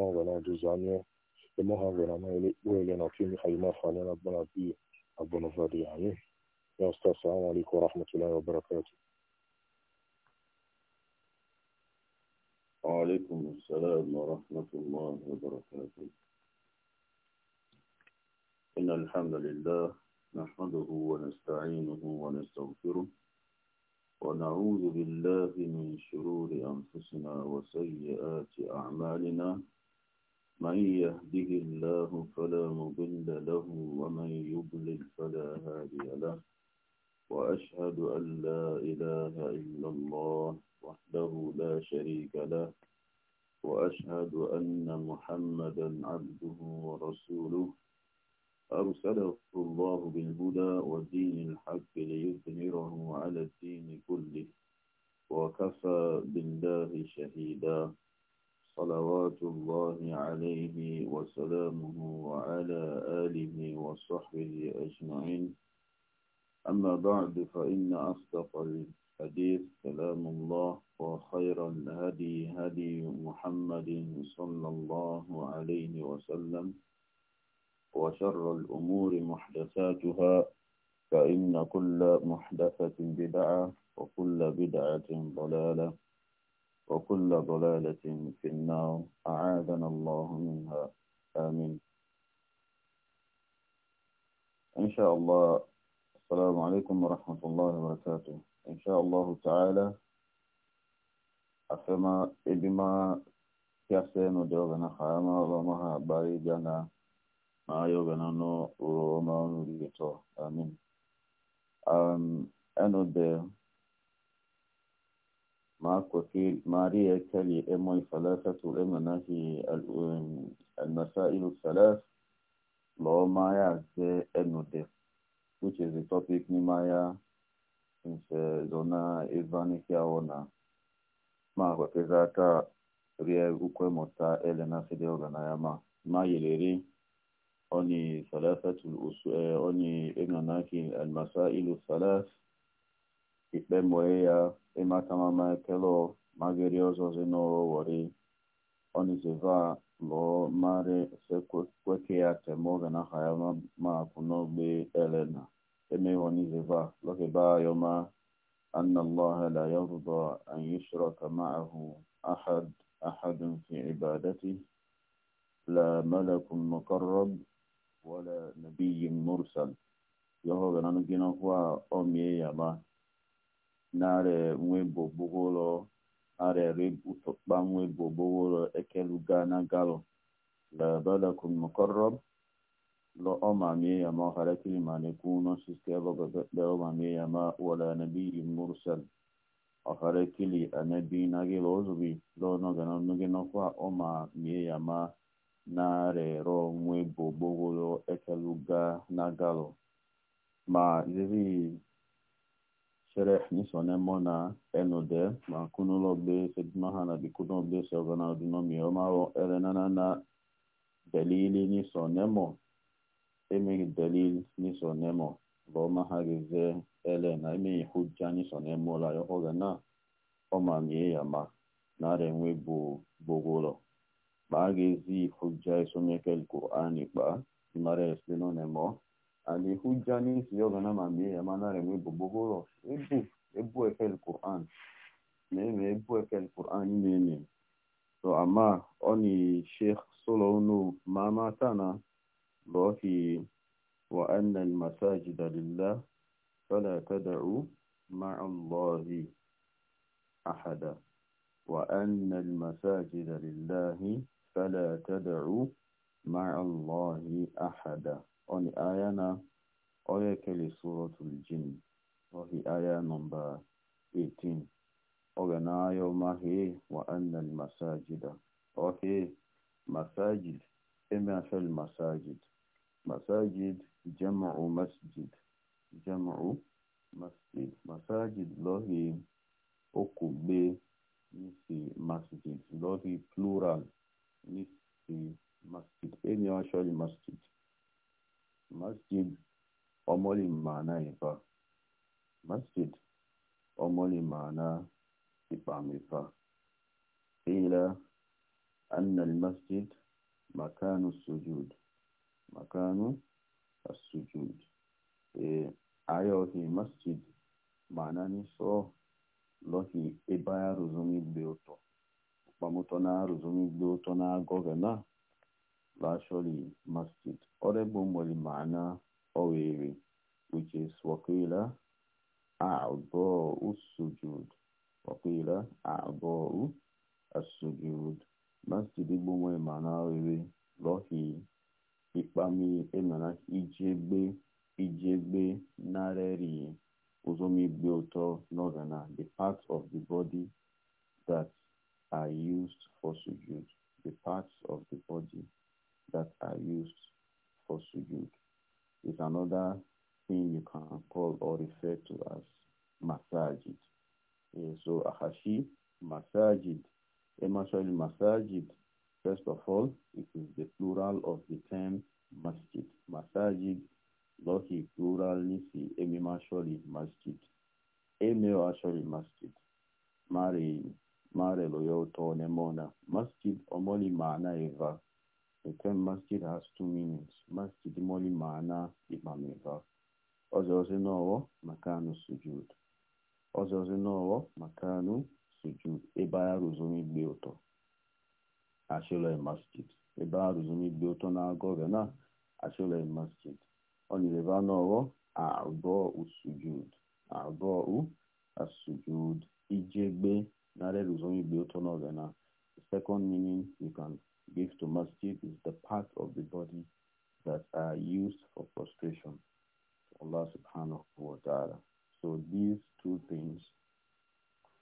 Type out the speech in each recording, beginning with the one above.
enfants, voilà, deux années. Et moi, vraiment, il est notre fille, Khalima Khalil, la bonne vie, la bonne vie, amis. Et on se passe, salam alaikum wa rahmatullahi wa barakatuh. وعليكم السلام ورحمة الله وبركاته إن الحمد لله نحمده ونستعينه ونستغفره ونعوذ بالله من شرور أنفسنا وسيئات أعمالنا من يهده الله فلا مضل له ومن يضلل فلا هادي له وأشهد أن لا إله إلا الله وحده لا شريك له وأشهد أن محمدا عبده ورسوله أرسله الله بالهدى ودين الحق ليظهره على الدين كله وكفى بالله شهيدا صلوات الله عليه وسلامه وعلى آله وصحبه أجمعين أما بعد فإن أصدق الحديث كلام الله وخير الهدي هدي محمد صلى الله عليه وسلم وشر الأمور محدثاتها فإن كل محدثة بدعة وكل بدعة ضلالة وكل ضلالة في النار أعاذنا الله منها آمين إن شاء الله السلام عليكم ورحمة الله وبركاته إن شاء الله تعالى أفما إبما كاسين ودوغنا خاما ومها باريجانا ما يوغنا نو وما نريتو آمين um, end ما كوكيل ماريا كلي اموي ثلاثة امنا هي المسائل الثلاث لو مايا زي انودي which is the topic ni maya since uh, zona ilvanikia ona ma kwekeza hata ria ukwe mota ele na sede ogana ya ma ma yeleri oni ثلاثة الأس... Uh, oni enganaki المسائل الثلاث ikpe moe ya ịmata mama ekele magịrị ọzọzi n'ọrụ wori oniziva lụọ mari sekweke ya temoge na haya makwụ n'ogbe elena emeghị oniziva lokeba ayoma أن الله لا يرضى أن يشرك معه أحد أحد في عبادته لا ملك مقرب ولا نبي مرسل يهوغنا نجينا هو أمي يما na nare nwebo bogolo arere utokpa nwebo bogolo ekeluga na galo labalakum mukarrab lo omami ya ma harakiri maliku no siske logo ma omami ya ma wala nabi mursal harakiri anabi na gelo zubi lo no gano nuge no kwa ma mi ya ma na nare ro nwebo bogolo ekeluga na galo ma zizi Sereh Nisone Mona Enode ma Kunologbe Sedmahana Bikunobe Sogana Dunomi Omaro Elenana Delili Nisonemo Emig Delil Nisonemo Roma Hagize Elena Emi Hujja Nisonemo La ya ga na-ọma ma Yohogana Omamie Yama Narenwe Bu Bogolo Bagezi Hujja Isomekel Kurani Ba Mare Eslinonemo alihuja ni siyoga na mami ya manare mwebo bohoro ebu ebu ekel Qur'an neme ebu ekel Qur'an nene so ama oni sheikh solonu mama tana lohi wa anna almasajida lillah fala tad'u ma'a allahi ahada wa anna almasajida lillahi fala tad'u ma'a allahi ahada Onye aya na soro suratul jin ohi aya nọmba 18 oge na aya ọmahi wa annal masajida ohi masajid emefel masajid masajid jam'u masjid jam'u masjid masajid lohi okugbe nisi masjid lohi plural nisi masjid emi ọchọli masjid masjid omoli mana ifa masjid omoli mana ipam ifa qila anna almasjid makanu sujud makanu السجود إيه ayohi masjid mana ni so lohi ebe rụzụ gbe ụtọ mkpamụtọ na arụzụmi gbe ụtọ na agọghị na Lashley Masjid, Odegbo Molimana Owerri, which is Wakila A'bo'u Sujud. Wakila A'bo'u As-Sujud. Masjid Igbo Molimana eme Lohi Ikpami Emana Ijegbe Ijegbe Nareri Uzomi Bioto Northana, the part of the body that are used for sujud, the parts of the body that are used for sujud is another thing you can call or refer to as masajid. Yeah, so ahashi, masajid, emashali eh, masajid, first of all, it is the plural of the term masjid. Masajid, lohi plural nisi, emimashali masjid. Emewashali masjid. Mari, mare loyo to nemona. Masjid omoli maana eva. The term masjid has two meanings. Masjid moli maana ikpameva. Ozozi nowo makanu sujud. Ozozi nowo makanu sujud. Ebe a rụzụrụ igbe ụtọ. Ashụlọ masjid. Ebe a rụzụrụ igbe ụtọ na-agọ na ashụlọ masjid. Onireba nowo abọ usujud. Abọ u asujud. Ijegbe narị rụzụrụ igbe ụtọ n'oge na. The second meaning you can gives to masjid is the part of the body that are used for prostration to Allah subhanahu wa ta'ala. So these two things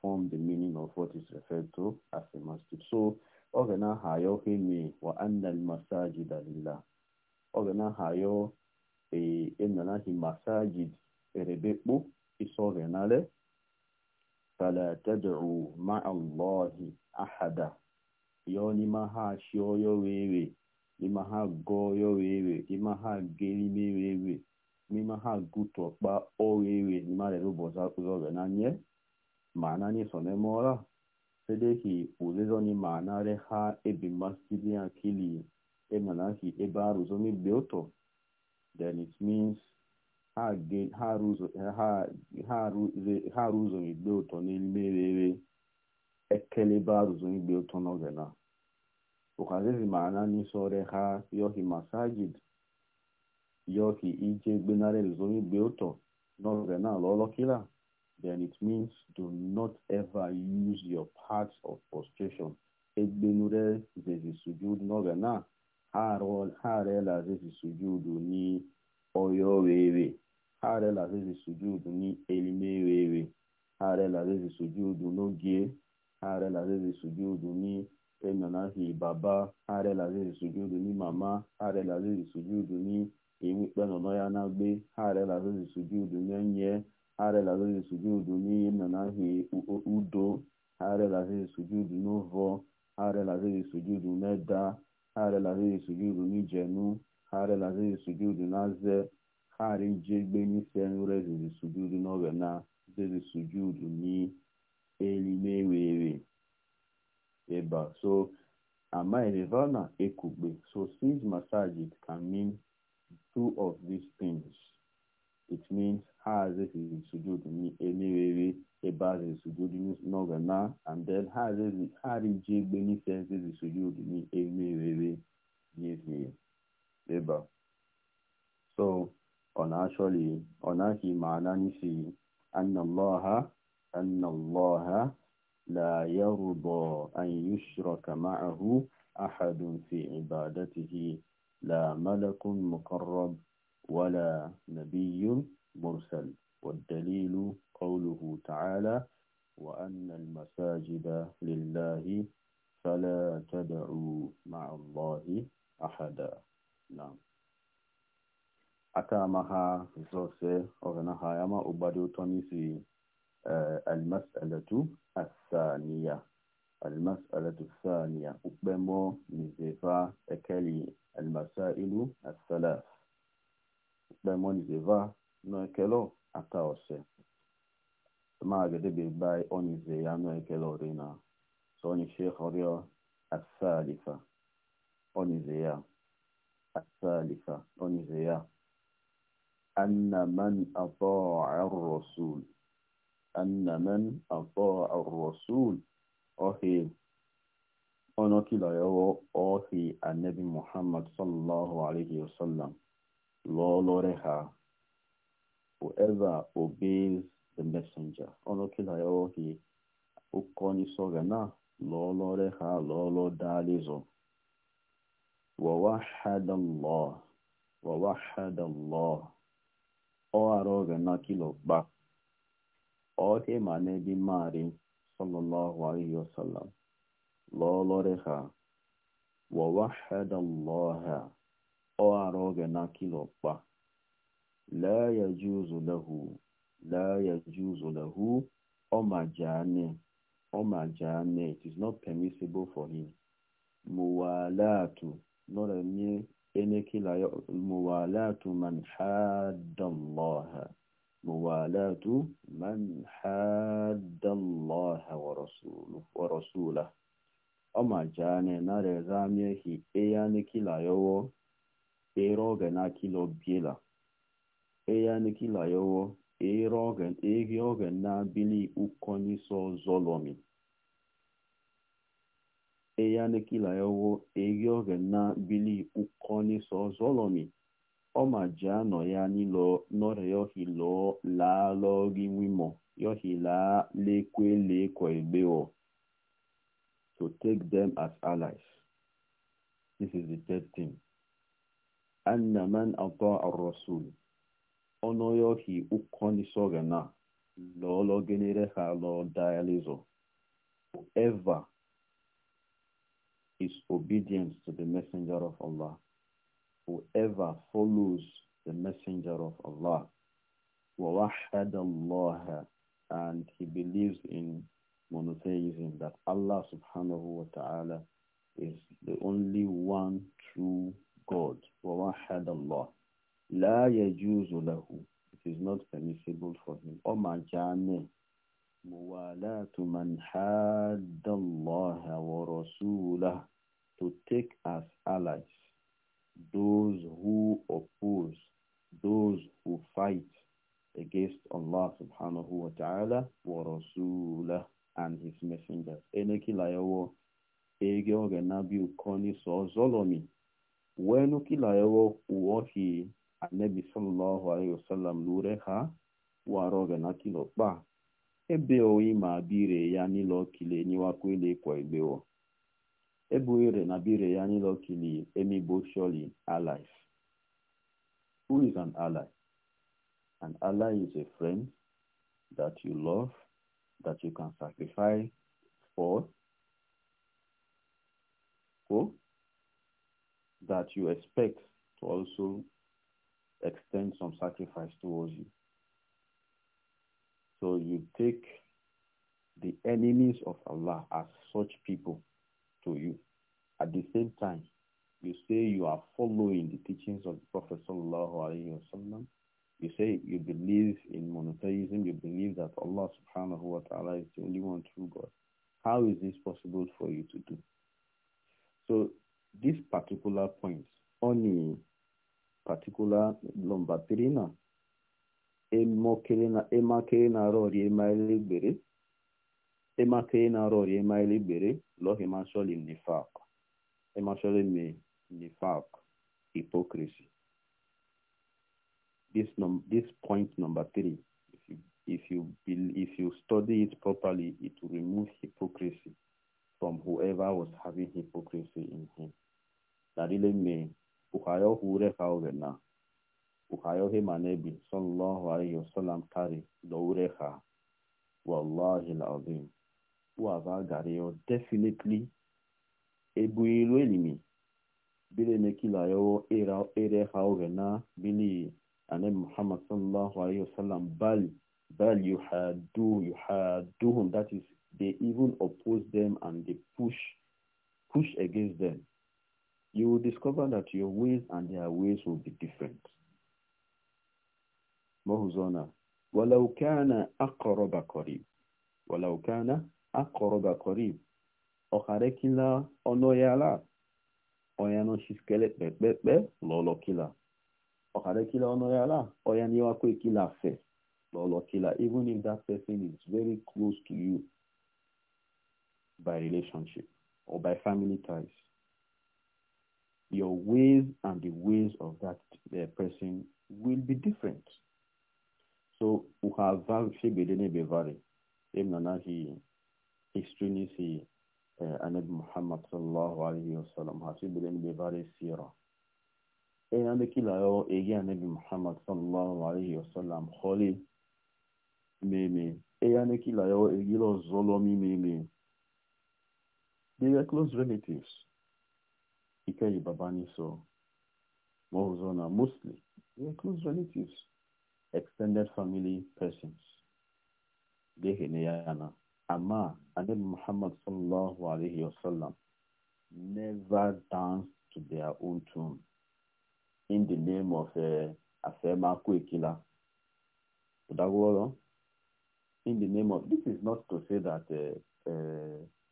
form the meaning of what is referred to as a masjid. So ogana hayo himi wa anna al-masajid lillah. Ogana hayo e enana hi masajid erebekpo isogenale fala tad'u ma'a Allah ahada. yo ni maha ha yo wewe ni wee go yo wewe ni maha geli me wewe ni ha guto e. e, e, ba wee wewe ni mare rubo za kuzo na nye ni sedeki ha ebi masili akili e manaki ha ge ha ụtọ n'ime ha ruzo ekele baruzu igbe ụtọ n'oge na ụkazizi maana n'isore ha yohi masajid yohi ije gbenara eluzo igbe ụtọ n'oge na lọlọkila then it means do not ever use your paths of frustration egbenure zezi sujud n'oge na ha arela zezi sujudu ni oyo wewe ha arela zezi sujudu ni elime wewe ha arela zezi sujudu n'oge ààrẹ làzẹ́zẹ́ sùjúdù ní ẹ̀nànáhì bàbá ààrẹ làzẹ́zẹ́ sùjúdù ní màmá ààrẹ làzẹ́zẹ́ sùjúdù ní èmi pẹ́nàná ya náà gbé ààrẹ làzẹ́zẹ́ sùjúdù ní ẹ̀yẹ ààrẹ làzẹ́zẹ́ sùjúdù ní ẹ̀nànáhì udo ààrẹ làzẹ́zẹ́ sùjúdù ní ọ̀vọ́ ààrẹ làzẹ́zẹ́ sùjúdù mẹ́ta ààrẹ làzẹ́zẹ́ sùjúdù ní jẹ̀nu ààrẹ làzẹ́zẹ́ sùjúdù náàzẹ́ ààrẹ jẹ́gbẹ́ nífẹ̀ẹ́ rẹ̀ zẹ́zẹ́ sùjúdù náà rẹ̀ náà zẹ́zẹ́ sùjúdù ní eluigwe eba so amaelevana ekugbe so since it can mean two of these things it means hazezi sujud ni eba ebazezi sujud ni nogana and then hazezi harije egbe nifezezi sujud ni emerere nyezie eba so on actually on actually maana nisi anna ha. أن الله لا يرضى أن يشرك معه أحد في عبادته لا ملك مقرب ولا نبي مرسل والدليل قوله تعالى وأن المساجد لله فلا تدعوا مع الله أحدا نعم aka مها زوسي أغنى هايما أبادو تونيسي آه، المسألة الثانية المسألة الثانية أبمو نزيفا أكلي المسائل الثلاث أبمو نزيفا نوكلو أتاوسي ما أجدبي باي أونيزيا نوكلو رينا سوني شيخ ريو الثالثة أونيزيا الثالثة أونيزيا أن من أطاع الرسول أن من أطاع الرسول أهي أنا كلا يو أهي النبي محمد صلى الله عليه وسلم لا لرها whoever obeys the messenger أنا كلا يو أهي أكوني سوغنا لا لرها لا لداليزو ووحد الله ووحد الله أو أروغنا كلا باك ote ma naebi mari sallallahu alaihi wasallam lọlọrị ha wawahadallaha ọ ara oge na kilokpa la yajuzu lahu la yajuzu lahu ọmajane ọmajane it is not permissible for him muwalatu nọrọ nye enekila muwalatu man hadallaha موالاه من حاد الله ورسوله ورسوله ọma jane na rezamie hi eyane kila yowo eroge na kila yowo eroge oge na bili ukoniso oge na ọma ji anọ ya n'ọrịa yohi lụọ laa lọghị wimo yohi laa lekwe lekwa egbeo to take them as allies this is the third thing anna man atọ ar-rasul ọnọ yohi ukọni na lọọlọ genere ha lọọ dializo whoever is obedient to the messenger of allah whoever follows the messenger of Allah وَوَحَّدَ and he believes in monotheism that Allah subhanahu wa ta'ala is the only one true God. وَوَحَدَ La لَا يَجُوزُ It is not permissible for him. وَمَا جَانِ مُوَالَاتُ مَنْ حَادَ wa rasulah To take as allies those who oppose, those who fight against Allah subhanahu wa ta'ala wa rasulah and his messengers. Enekilayawo ege oge nabi ukoni so zolomi. Wenu kilayawo uwohi anabi sallallahu alayhi wa sallam ha waro oge na kilo Ebe oyi ma bire ya nilo kile niwa kwele kwa ibewo. Ebuere Nabire Yani luckily Amy surely allies. Who is an ally? An ally is a friend that you love, that you can sacrifice for, for that you expect to also extend some sacrifice towards you. So you take the enemies of Allah as such people to you. At the same time, you say you are following the teachings of the Prophet sallallahu alaihi wasallam. You say you believe in monotheism. You believe that Allah subhanahu wa taala is the only one true God. How is this possible for you to do? So this particular point, only particular lombatirina, emakerina rori emake na rori ema eligwere lohi masholi nifak emasholi me nifak hypocrisy this num this point number three if you if you if you study it properly it will remove hypocrisy from whoever was having hypocrisy in him darile me uhayo hure kaogena uhayo he manebi sallallahu alaihi wasallam kari doure ha wallahi alazim whoever Gario definitely ebuilu elimi bile nekila yo era ere haugena bili ane Muhammad sallallahu alayhi wa sallam bal bal yuhadu yuhaduhum that is they even oppose them and they push push against them you will discover that your ways and their ways will be different مهزونا ولو كان أقرب قريب ولو كان akọrọga korib ọharekila ọnọyala ọyano shiskele kpekpekpe lọlọkila ọharekila ọnọyala ọyaniwakwekila fe lọlọkila even if that person is very close to you by relationship or by family ties your ways and the ways of that uh, person will be different. So, uhavavshibedenebevari, emnanahi history ni si uh, anabi muhammad sallallahu alaihi wasallam hasi bilen be bare sira e na de kila yo oh, e ya anabi muhammad sallallahu alaihi wasallam kholi meme e ya ne kila yo oh, e gilo zolomi meme they are close relatives ike babani so mozona mostly they are close relatives extended family persons dehene yana Ama, Anib Muhammad sallallahu alayhi wasallam never dance to their own tune in the name of eh, Afema Kwekila. In the name of, this is not to say that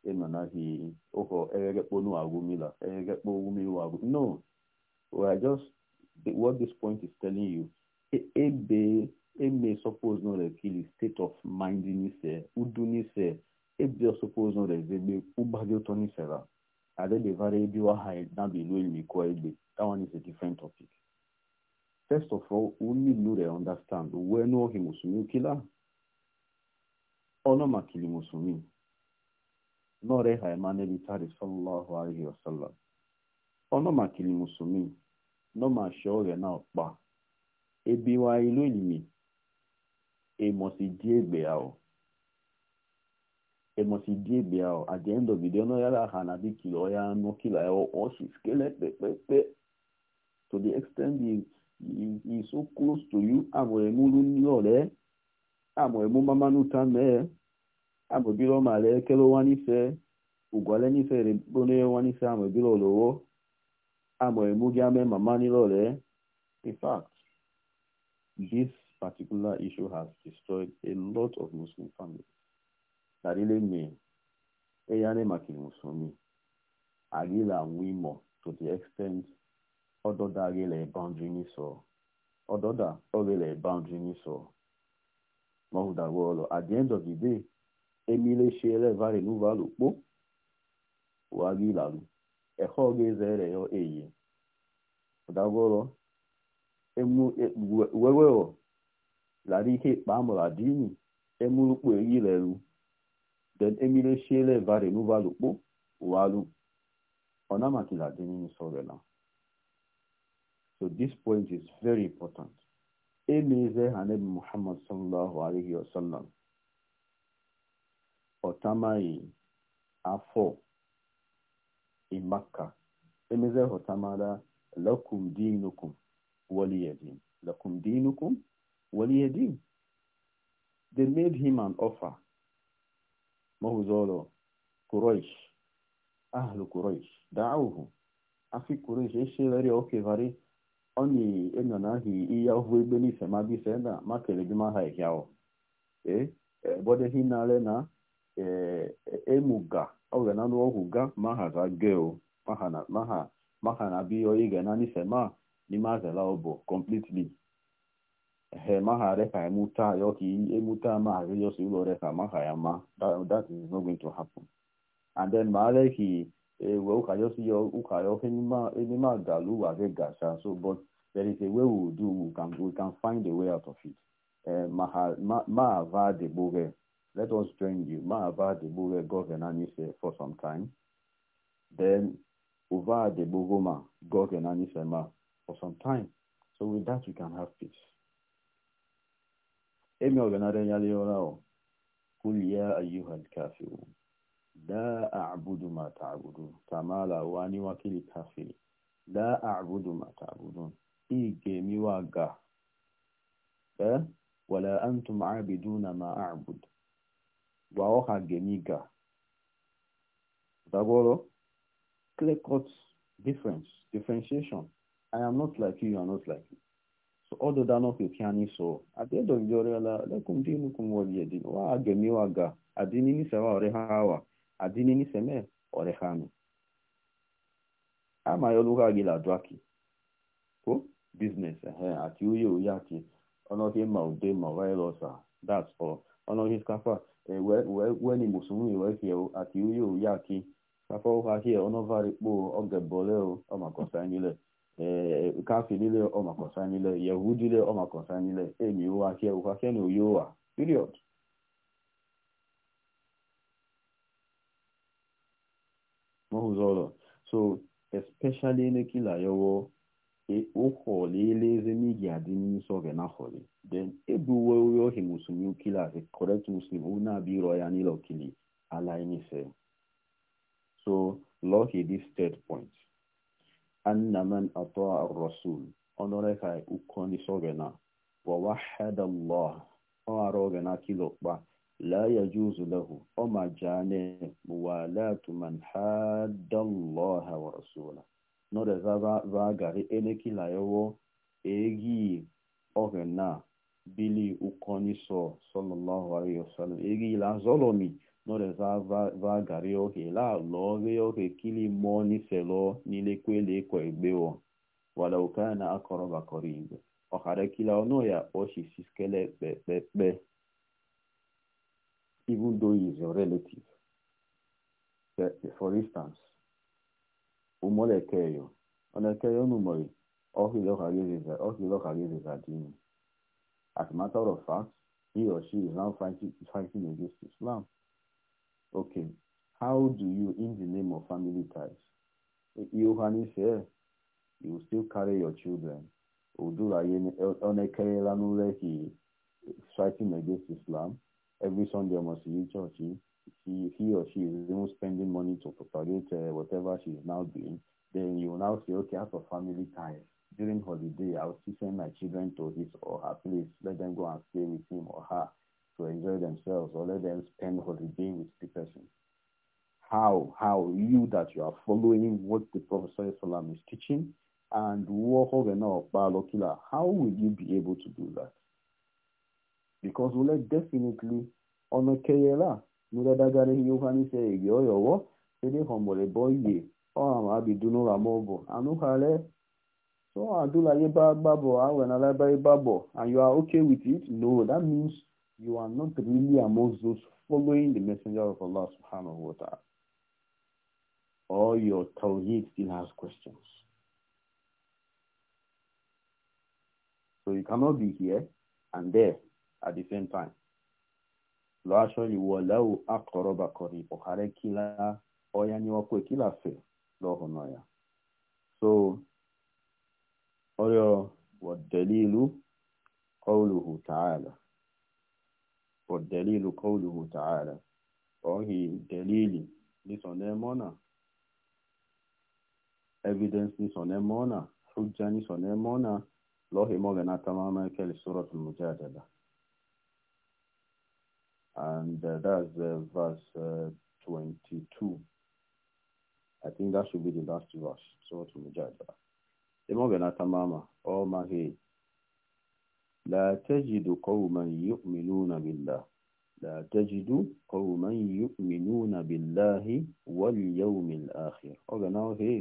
Emanahi eh, eh, Oko Eregeponu Agumila, Eregepo Umilu No, we are just, what this point is telling you, Ebe eme suppose no rekili state of mind nise udu nise ebio suppose no rezegbe ụgbadi ụtọ nisera adedevara ebiwa ha nabelu elimikwa egbe that one is a different topic first of all onye ilu re understand uwe n'ohi musumi kila ọnọ makili musumi nọre ha emanelitari sallallahu alaihi wasallam ọnọ makili musumi nọ ma na ọkpa ebiwa ilu elimi emosi diegbe ahụ emosi diegbe ahụ at the end of the day ọnụ ya ha na dị kilo ya anụ kilo ya ọchị skele kpekpekpe to the extent he, he, he is so close to you amụrụ emuru ndị ọrịa amụrụ emu mama n'ụta mee amụrụ biro ma lee kele ụwa n'ife ugwale n'ife rekpone ụwa n'ife amụrụ biro olowo amụrụ emu gị ame mama n'ile ọrịa in fact this particular issue has destroyed a lot of Muslim families. That really means Eyane Musumi, Agila Wimo, to the extent Ododa Agile boundary Niso, Ododa Ogile boundary Niso, Mahuda Wolo. At the end of the day, Emile Shere Vare Nuvalu, Po, Wagilalu, Ehoge Zere Yo Eye. Odagolo, Emu, Wewe, lara ihe ikpa amụra dini emurukpo eyileru den emire shiele vare nuvalukpo walu onamakila dini so dis point is very important emeze haneb muhammad sallallahu alaihi wasallam ọtamaghị afọ imaka emeze họtamara lakum dinukum waliyadin lakum dinukum Waliyedim. They made him an offer. Mahuzolo, Quraysh, Ahlu Quraysh, Da'uhu. Afi Quraysh, Eshelari Okevari, Oni Enanahi, Iyahu Ibeni Semadi Senda, Makele Jumaha Ekiao. Eh? Bode Hinale na na le ga ga Emuga, ma ha Mahaza Geo, Mahana, Maha, Mahana Bio Iganani Sema, Nimazela Obo, completely. he maha refa emuta yoki emuta maha yosi ulo refa maha that, that is not going to happen and then maale ewe uka yosi yo uka yo enima enima galu wage gasha so but there is a way we do we can we can find a way out of it uh, maha ma, ma de boge let us join you ma ava de boge for some time then over the bogoma ma for some time so with that we can have peace emio benardini yaa la yoo raawu kulli yaa ayuu haa kaafigun daa a cabbudụ maa taa cabbudun tamala waan i wakile kaafige daa a cabbudụ maa taa cabbudun ii gemi waa gaah wala ala antu maa cabbi duuna maa a cabbud waa oha gemi gaah daboolo clearcoats differentiation I am not like you are not like me. ọdụ da n'ọfịfị anyị so adedonjorela lekum dinukum ọrịa wa agemiwaga ụwa nisewa oreha hawa adini niseme orehanu ama gị la dwaki ko business ehe ati uye uye ati ọnọghị ma ude ma virusa that's all ọnọghị skafa weni wee ati uye uye ati ụha hie ọmakọsa nile eh, ọ kafilile ọmakọsanile yahudile ọmakọsanile emi eh, uwake ukwake na uyowa period mahụzọlọ so especially n'ekila yawo ụkwọlile e, ezemi gi adị n'isi oge n'afọli then ebuwe uwe ohi muslim ukila the correct muslim na-abịrọ ya n'ile okili ala inise so lock at this third point أن من أطاع الرسول أن أنرك أكون صغنا ووحد الله أعرغنا كيلوبا لا يجوز له أما جاني موالاة من حد الله ورسوله نور زاغاري إنكي لا يو إيجي أغنا بلي أكون صلى الله عليه وسلم إيجي لا ظلمي no les va, va, gari oge la lo ge oge kili mo ni selo ni le kwele kwa ebeo wala ukana akoro bakoribe okare kila ono ya si siskele pe pe pe even though he is your relative for instance umolekeyo olekeyo numoi okilo kagizeza okilo kagizeza dini as a matter of fact he or she is now fighting fighting against Islam Okay. How do you, in the name of family ties, you honey say you will still carry your children? Fighting against Islam every Sunday must see church. He, he or she is even spending money to propagate uh, whatever she is now doing. Then you will now say, okay, out of family ties, during holiday, I will still send my children to his or her place. Let them go and stay with him or her to enjoy themselves or let them spend holiday with the person. How, how you that you are following what the Prophet Sallallahu is teaching and how will you be able to do that? Because we will definitely on a KLA, Muradagari Yohani say, Yo, yo, what? Say, Homole boy, oh, I'm Abidunu Ramobo, Anuhale, so I do like a bad bubble, I when I like a bubble, and you are okay with it? No, that means you are not really amongst those following the messenger of Allah subhanahu wa ta'ala. Or your tawheed still has questions. So you cannot be here and there at the same time. Lọ́ṣọ́lì wọ lẹ́wọ̀ akọ̀rọ̀bà kọ̀rì ọ̀kàrẹ́ kílá ọya ni wọ́n pè kílá fẹ́ lọ́hùn ọ̀yà. So ọ̀rọ̀ wọ̀dẹ̀lì ìlú kọ́ọ̀lù tààlà. For والدليل قوله تعالى وهي دليل لسنمونا evidence لسنمونا حجة لسنمونا الله مغنى تماما كالسورة المجادلة and uh, that's verse uh, 22 I think that should be the last verse Surah Al-Mujadala Imam Ben Atamama Almighty لا تجد قوما يؤمنون بالله لا تجد قوما يؤمنون بالله واليوم الآخر أغنى هي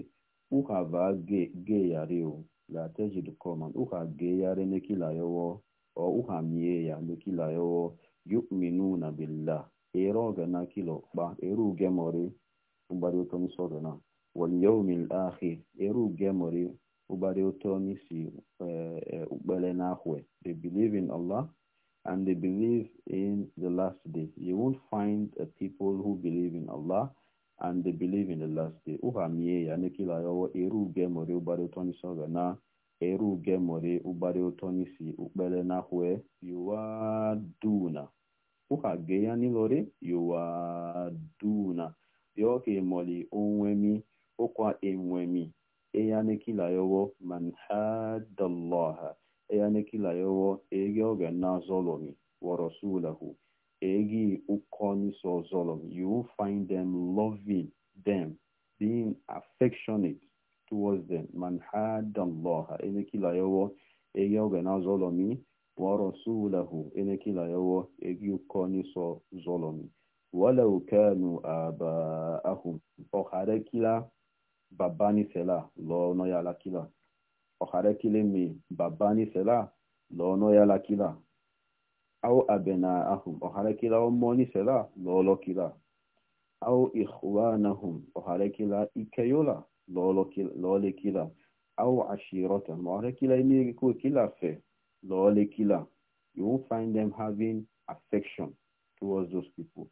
أخا باقي جياريو لا تجد قوما أخا جياري نكي لا يو أو أخا ميايا نكي لا يو يؤمنون بالله إيرو غنى كيلو با إيرو جموري أمباريو تنصرنا واليوم الآخر إيرو جموري Eh, eh, they believe in Allah and they believe in the last day. You won't find a people who believe in Allah and they believe in the last day. mie ya nekila yawo eru uge mori ubare utoni soga na eru uge mori ubare utoni si ukbele na hwe yuwa duna. Uhage ya nilore yuwa duna. Yoke moli onwemi okwa enwemi. eyane kilayowo man haddallaha eyane kilayowo ege oge na zolomi wa rasulahu ege ukoni so zolomi you will find them loving them being affectionate towards them man haddallaha ene kilayowo ege oge na wa rasulahu ene kilayowo ege ukoni so zolomi ولو كانوا آباءهم فخركلا babani sela lo no ya lakila ohare kile mi babani sela lo no ya lakila au abena ahum ohare kila o moni sela lo lo kila au ikhwanahum ohare ikeyola lo lo kila lo le kila mi ko kila fe lo you won't find them having affection towards those people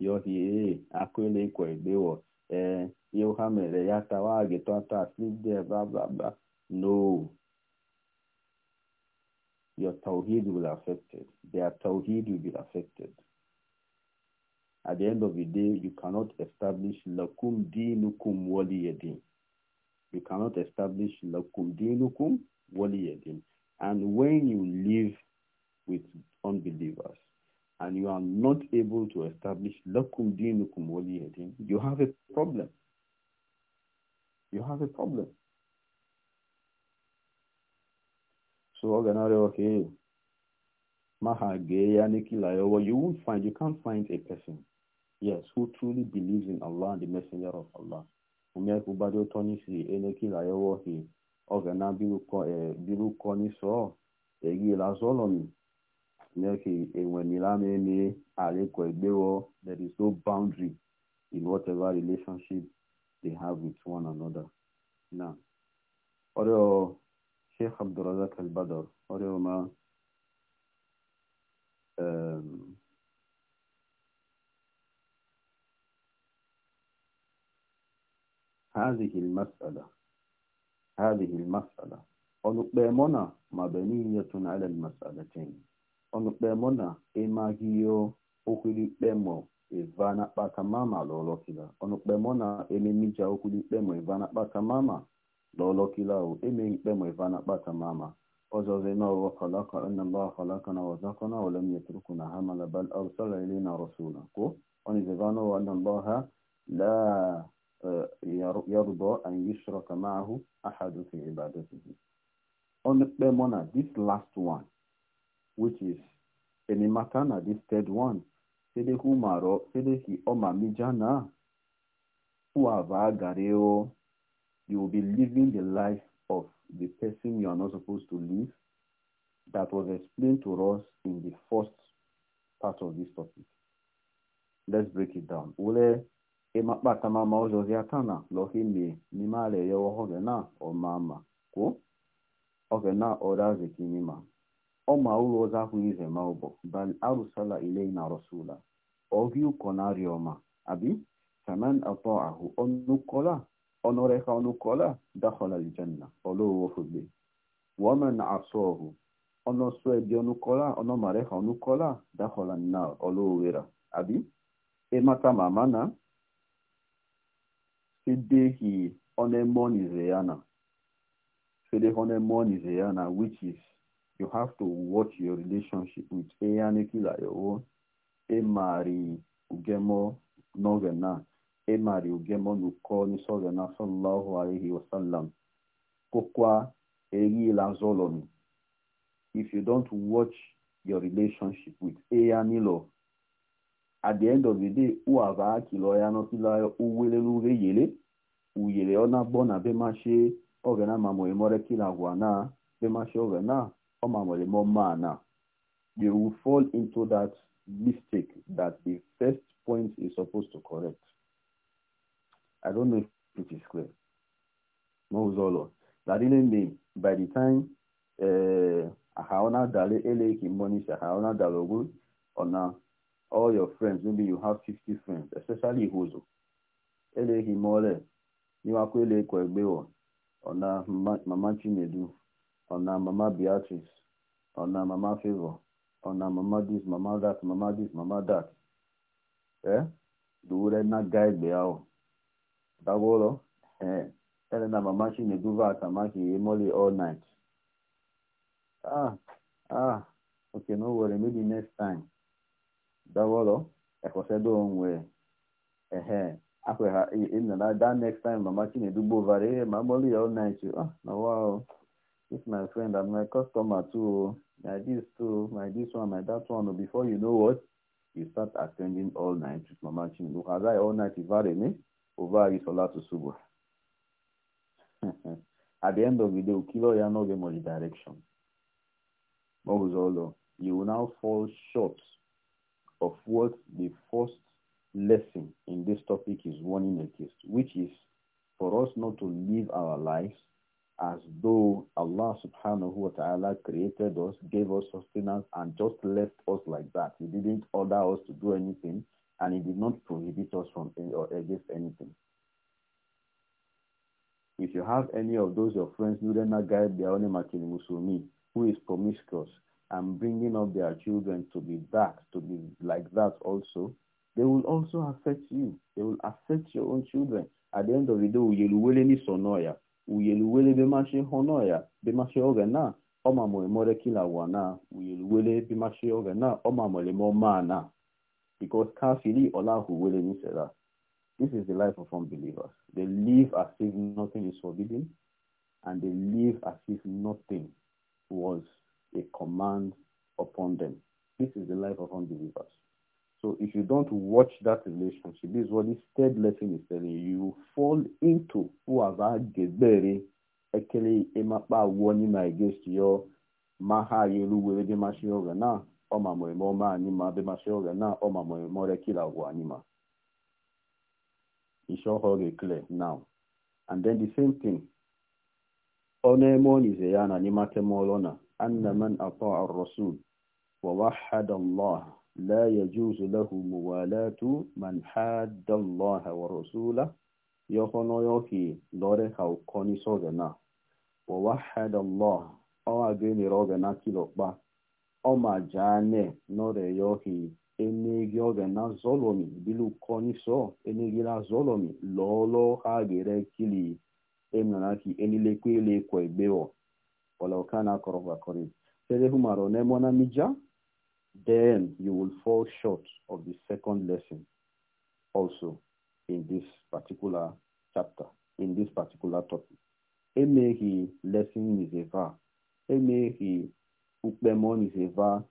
yo hi akwele ko ebewo Eh, you have ha mere ya sleep there blah blah blah no your tawhid will be affected their tawhid will be affected at the end of the day you cannot establish lakum dinukum waliyadin you cannot establish lakum dinukum waliyadin and when you live with unbelievers and you are not able to establish lakum dinukum waliyadin, you have a problem. You have a problem. So okay. you won't find you can't find a person, yes, who truly believes in Allah and the Messenger of Allah. Umekubado he eh, eh, egi Neke Ewenilame Aleko Ebewo, there is no boundary in whatever relationship they have with one another. Now, Oreo Sheikh Abdurazak Al Badr, Oreo Ma um, هذه المسألة هذه المسألة ونقيمنا مبنية على المسألتين onu emagio okwulikpemo evana kpakamama lolokila onukpemona ememija okwulikpemo evana kpakamama lolokila o emekpemo evana kpakamama ọzọ وخلق أن الله خلقنا ورزقنا ولم يتركنا هملا na أرسل إلينا رسولا كو ونزغنا وأن الله لا this last one which is Enimatana, this third one. Sedehu maro, sedehi omamijana. Whoever gareo, you will be living the life of the person you are not supposed to live. That was explained to us in the first part of this topic. Let's break it down. Ule emakpata mama ozozi atana lohime nime ala eyewo ogena omama kwu ogena ọra zekinima ọma ụlọ ọzọ ahụghị ize ma ụbọ bal arụsala ilena rasula ọgị ụkọ narị ọma abi faman atọ ahụ ọnụkọla ọnụreka ọnụkọla dakhala aljanna ọlọwọ fugbe waman asọhụ ọnọsọ ẹbí ọnụkọla ọnọmareka ọnụkọla dakhala nar ọlọwera abi emata mama na sedehi ọnemọ nize ya na sedehi ọnemọ nize ya na which is you have to watch your relationship with Eyanekila Yowo, Emari Ugemo Nogena, Emari Ugemo Nuko Nisogena Sallallahu Alaihi Wasallam, Kokwa Eri Lazolon. If you don't watch your relationship with Eyanilo, at the end of the day, Uava Kiloya Nokila Uwelelu Yele, Uyele Ona Bona Bemashe, Ogena Mamoemore Kila Guana, Bemashe Ogena, now ah. you will fall into that mistake that the first point is supposed to correct. I don't know if it is clear. Mozolo. That didn't mean by the time eh, Ahaona Dale Eleki Monish Ahaona Dalogu or now all your friends, maybe you have 50 friends, especially Huzo. Eleki Mole, Niwakwele Kwebeo, or now Mama Chinedu, ọ na mama Beatrice ọ na mama Favor ọ na mama this mama that mama this mama that eh duure na ga egbe ahụ dagwụlọ ee ere na mama Chineduva atamaki emoli all night ah ah okay no worry maybe next time dagwụlọ ekwesedo onwe ehe akwe ha ịnọ na that next time mama Chinedu gbovara ihe ma moli all night ah na wow This my friend and my customer too. My this too, my this one, my that one. Oh, before you know what, you start attending all night with Mama Chindu. As I all night ivareme, over is Ola to Subu. At the end of the day, Ukilo get Moji direction. you will now fall short of what the first lesson in this topic is warning against, which is for us not to live our lives as though Allah subhanahu wa ta'ala created us, gave us sustenance, and just left us like that. He didn't order us to do anything, and He did not prohibit us from or against anything. If you have any of those your friends, Nurena Guy Biaone Makini Musumi, who is promiscuous and bringing up their children to be that, to be like that also, they will also affect you. They will affect your own children. At the end of the day, you will really sonoya uyeluwele bemashi honoya bemashi ogena omamo emore kila wana uyeluwele bemashi ogena omamo lemo mana because kafili olahu wele nisela this is the life of unbelievers they live as if nothing is forbidden and they live as if nothing was a command upon them this is the life of unbelievers So if you don't watch that relationship, this is what this third lesson is telling you. You fall into whoever gebere ekele emakpa warning against your maha yelu wele de mashioga na oma moemo ma anima de mashioga na oma moemo rekila wa anima. It shall hold clear now. And then the same thing. Onemon is a yana nimatemolona. أن من أطاع الرسول ووحد allah لا يجوز له موالاة من حاد الله ورسوله يخنو يوكي لوري خاو كوني سوغنا ووحد الله أو أجيني روغنا كيلوكبا أو ما جاني نوري يوكي enegi oge na zolomi bilu koniso enegi la zolomi lolo ha gere kili emnanaki enilekwe lekwa ebewo wala humaro nemona mija then you will fall short of the second lesson also in this particular chapter, in this particular topic. Emehi lesson is eva. Emehi ukbemon is eva.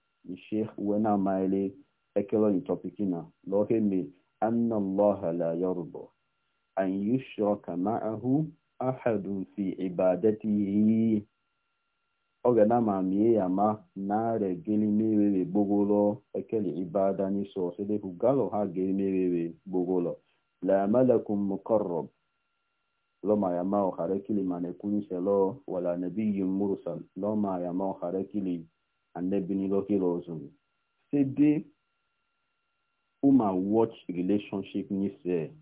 Sheikh wena maile ekelo ni topikina. Loheme anna Allah la yarbo. An yushraka ma'ahu ahadun fi ibadatihi na ogana mamie yama nare gelimewewe gbogolo ekeli ibada niso sedeku galo ha gelimewewe gbogolo la malakum muqarrab loma yama ohare kili manekunise lo wala nabiyun mursal loma yama ohare kili anebinilo kilo ozun sede uma watch relationship nise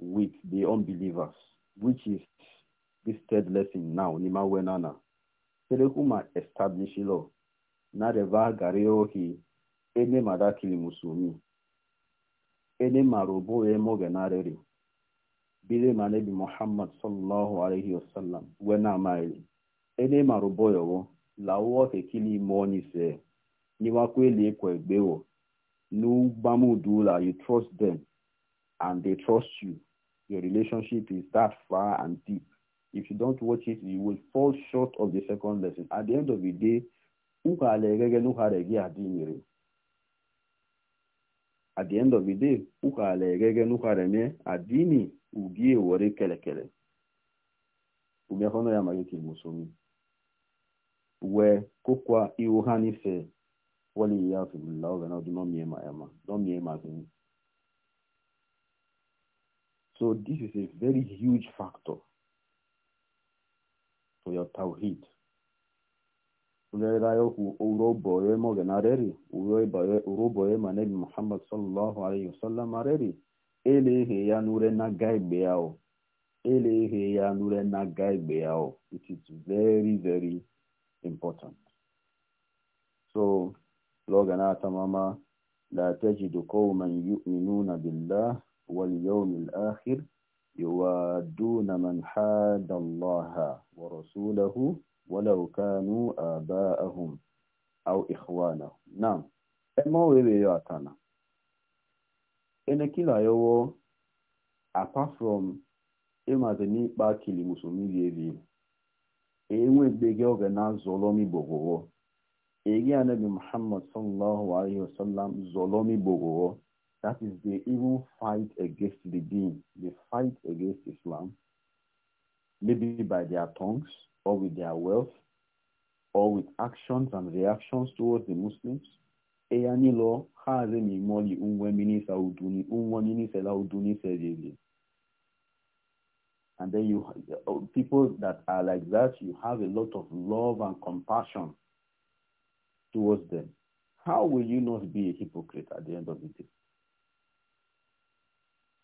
with the unbelievers which is this third lesson now nima wenana Telecuma estabeleceu na Revagariohi enema daquele musumi, enema robo emo genareri, bile manebi Muhammad sallallahu alaihi wasallam, wena maili, enema robo e yowo, lawo kekili moni se, niwa kweli ekwe bewo, nu bamudula, you trust them, and they trust you. Your relationship is that far and deep. if you don't watch it, you will fall short of the second lesson. At the end of the day, at the end of the day, ụka ala egege nụkwareme adini ubi ewere kelekele. Ubiakọnọ ya amaghị ka igbo Wee kụkwa iwu ha n'ife wọli ya fibula oge na ọdị nọmie ma ema nọmie ma So this is a very huge factor. for your tawhid ulerayo ku uroboye mogenareri uroboye muhammad sallallahu alaihi wasallam areri elehe elehe it is very very important so loganata mama la tajidu qauman yu'minuna billah wal yawmil akhir يوادون من حاد الله ورسوله ولو كانوا آباءهم أو إخوانهم نعم أما ويبيو أتانا إن كلا يو apart from إما ذني باكي لمسلمي ليبي إيوه بيجي أغنى ظلمي بغوغو إيجي أنا بمحمد صلى الله عليه وسلم ظلمي بغوغو That is, they even fight against the deen. They fight against Islam, maybe by their tongues or with their wealth or with actions and reactions towards the Muslims. And then you, uh, people that are like that, you have a lot of love and compassion towards them. How will you not be a hypocrite at the end of the day?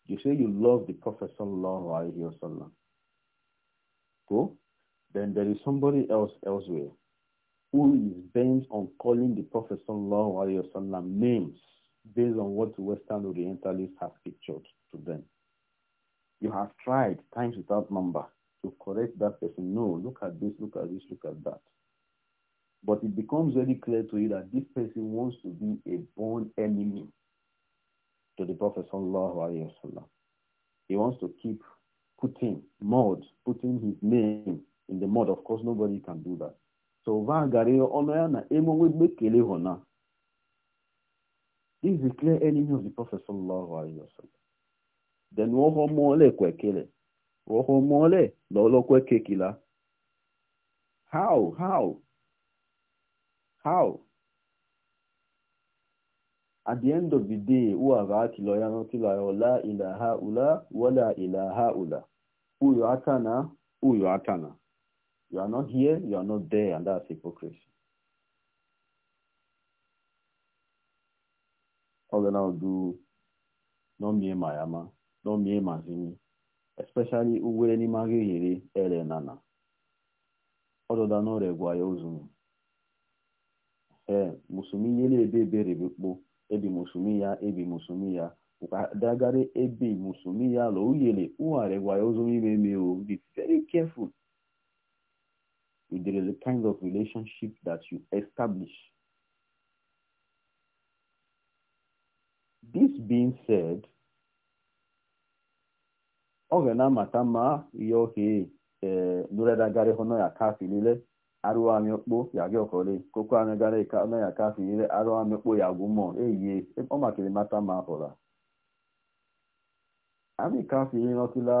You say you love the Prophet sallallahu alaihi wasallam. Go. Then there is somebody else elsewhere who is bent on calling the Prophet sallallahu alaihi wasallam names based on what Western Orientalists have pictured to them. You have tried times without number to correct that person. No, look at this, look at this, look at that. But it becomes very clear to you that this person wants to be a born enemy to the Prophet sallallahu alayhi wasallam. He wants to keep putting mud, putting his name in the mud. Of course, nobody can do that. So vagari onoya na emo wegbe kele hona. This is a clear enemy of the Prophet sallallahu alayhi wasallam. Then woho mole kwekele. Woho mole lolo kwekekila. How? How? How? at the end of the day ụgha atilo ya n'otilo ya ola ilaha ula wala ilaha ula uyo atana uyo atana you are not here you are not there and that's hypocrisy oge na udu n'omie ma ya ma n'omie ma zini especially uwere n'ime agha ehere ere nana ọdụda n'ọrịa gwa ya ozunu ee eh, musulmi nyere ebe ebere bụ kpoo ebi ya ebi musumiya ukadagare ebi ya lo uyele ime ime o be very careful with the kind of relationship that you establish this being said ọ ga na-amata ma ihe ohe ee eh, nụredagari hono ya kafilile arụwa amịkpọ ya gị koko anyị gara ịka na ya kafe ire arụwa amịkpọ ya gwụ mọ eyie ọ mata ma apụla anyị kafe ire n'ọtụla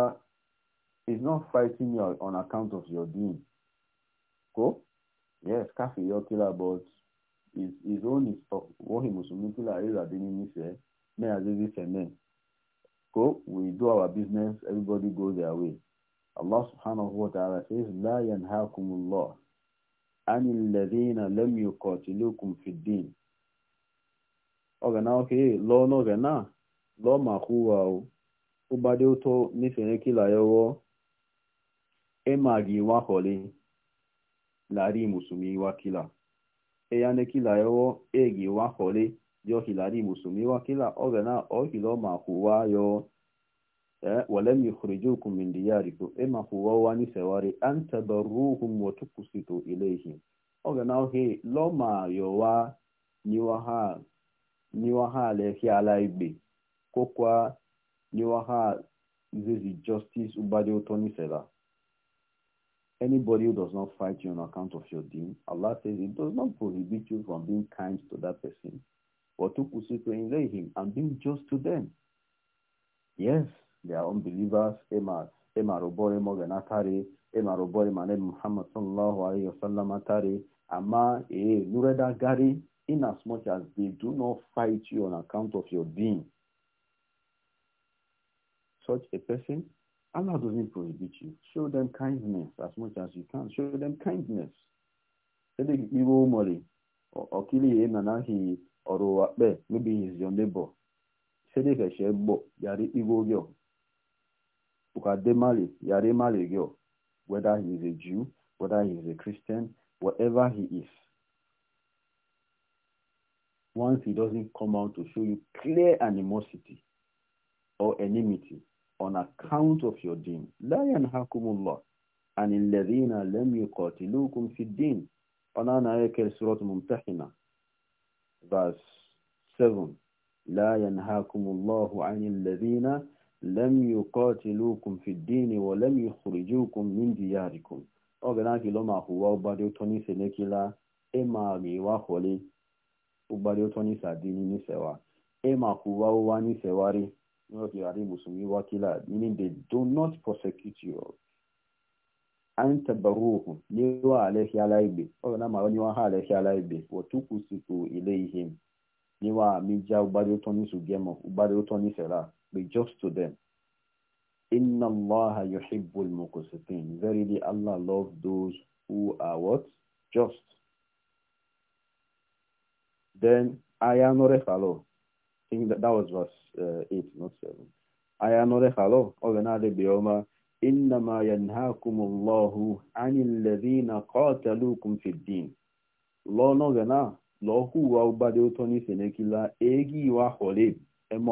is not fighting you on account of your being ko yes kafe ire ọtụla but is his own is wohi musulmi tụla ịra dị n'ime ife mee feme ko we do our business everybody go their way Allah subhanahu wa ta'ala says la yanhaakumullah anil ladina lam yuqatilukum fid din ogana oke lo no gana ma huwa o ubade uto ni fere kila yowo e ma gi wa hole lari musumi wa ya ne ولم يخرجوكم من دياركم إما هو واني سواري أن تبروهم وتقسطوا إليهم أو ناو هي لما يوا نيوها نيوها لهي على إبي كوكوا نيوها zizi justice ubadi utoni sela anybody who does not fight you on account of your deen allah says it does not prohibit you from being kind to that person or to kusitu him and being just to them yes They are unbelievers, Emmas, Emma Robori Moganatari, Emma Robori Maned Muhammad Sallallahu Alaihi Wasallam Ama E Nureda Gari, in as much as they do not fight you on account of your being. Such a person, Allah doesn't prohibit you. Show them kindness as much as you can. Show them kindness. Maybe he eh, is your neighbor. Ukademale, Yaremalego, whether he is a Jew, whether he is a Christian, whatever he is. Once he doesn't come out to show you clear animosity or enmity on account of your deen, لا ينهاكم الله عن الذين لم يقاتلوكم في الدين. أنا أكل سورة ممتحنة. Verse 7 لا ينهاكم الله عن الذين لم يقاتلوكم في الدين ولم يخرجوكم من دياركم أغنى كلما هو أبادي توني سنكلا إما غيوا خولي أبادي توني ساديني نسوا إما هو واني سواري نوكي عري مسلمي وكلا meaning they do not prosecute you أن تبروهم نيوا عليه على إبي أغنى ما نيوا عليه على إبي وتوكسكوا إليهم نيوا ميجا أبادي توني سجيمو أبادي توني سلا be just to them. Inna Allah yuhibbul muqsitin. Verily Allah loves those who are what? Just. Then ayanore falo. I think that that was verse uh, eight, not seven. Ayanore falo. Ovenade bioma. Inna ma yanhakum Allahu anil ladina qatalukum fi din. Lo no gana. Lo hu wa ubadeutoni senekila egi wa holib emu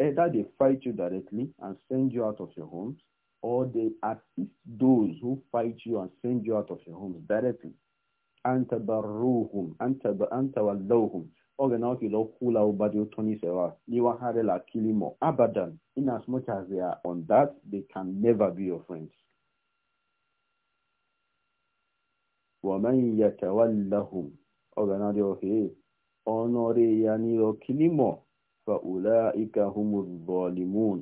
Either they fight you directly and send you out of your homes, or they assist those who fight you and send you out of your homes directly. Antabarruhum, antawallawhum. Oge na oke lokula ubadi utonisewa, niwaharela kilimo. Abadan, in as much as they are on that, they can never be your friends. وَمَنْ يَتَوَلَّهُمْ Oge na oke, onore ya nilo kilimo. فَأُولَٰئِكَ هُمُ الظَّالِمُونَ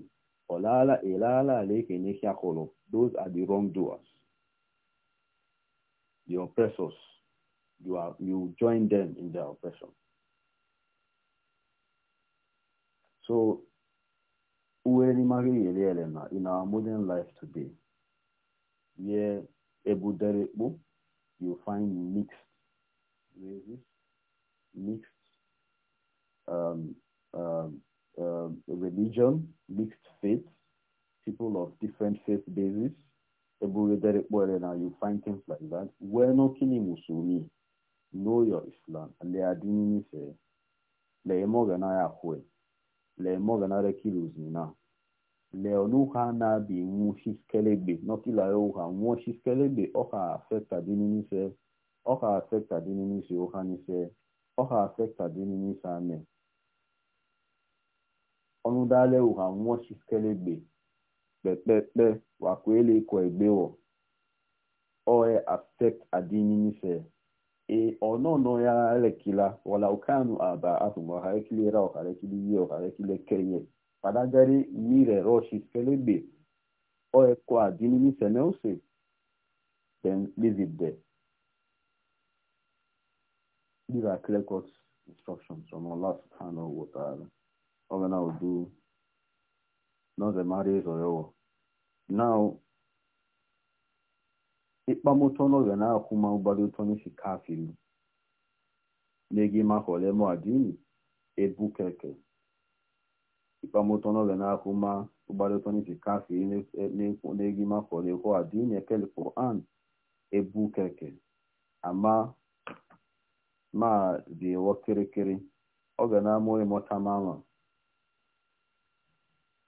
ọ̀làálà ìlàálà lẹ́kẹ̀ẹ́ ní ṣàkọlọ̀ those are the wrongdoers the oppressors you are you join them in their oppression so uweri mari yele elena in our modern life today where ebuderekpo you find mixed races mixed um, um, uh, religion, mixed faith, people of different faith bases. Now you find things like that. We're not killing Musumi. Know your Islam. Leadini say, Leemogana Yahweh, Leemogana Rekiluzina, Leonuha Nabi Mushiskelebe, not Ilaoha, Mushiskelebe, Oha affect Adinini say, Oha affect Adinini say, Ohanise, Oha affect Adinini say, Amen. ọnụdale ụha nwụchikelgbe kpekpekpe wakwele kwa egbewo oe aspect adininife e, e ọnọnọ ya lekila wala ukanu aba atum ọharekili ra ọharekili ye ọharekili kenye padagari mire rọchikelgbe oe kwa adininife neose then leave it there These are clear cut instructions from Allah subhanahu wa ta'ala. ọghana udu nọzemari ezorewo now ịkpamụtọ n'oghana akwụma ụgbali ụtọ n'isi kafiri n'egi mahọle ebu keke. ịkpamụtọ n'oghana akwụma ụgbali ụtọ n'isi kafiri n'egi mahọle hoadini ekele ebu keke ama ma dị wọ kịrịkịrị oge na-amụghị mụta mama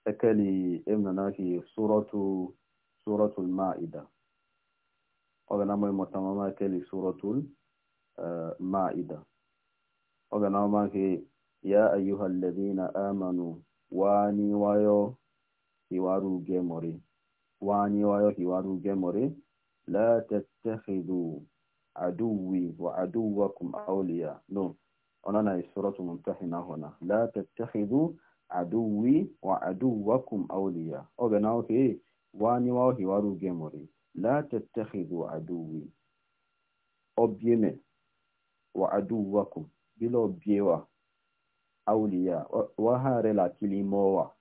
ekeli emnanahi suratu suratul ma'ida ogana mo motamama ekeli suratul ma'ida ogana ma ke ya ayyuhal ladhina amanu wani wayo hiwaru gemori wani wayo hiwaru gemori la tattakhidhu aduwi wa aduwakum awliya no onana suratu mumtahina hona la tattakhidhu aduwi wa aduwakum awliya ogana oke wani wa ohi waru gemori la tattakhidu aduwi obieme wa aduwakum bila obiewa awliya wa hare la kilimowa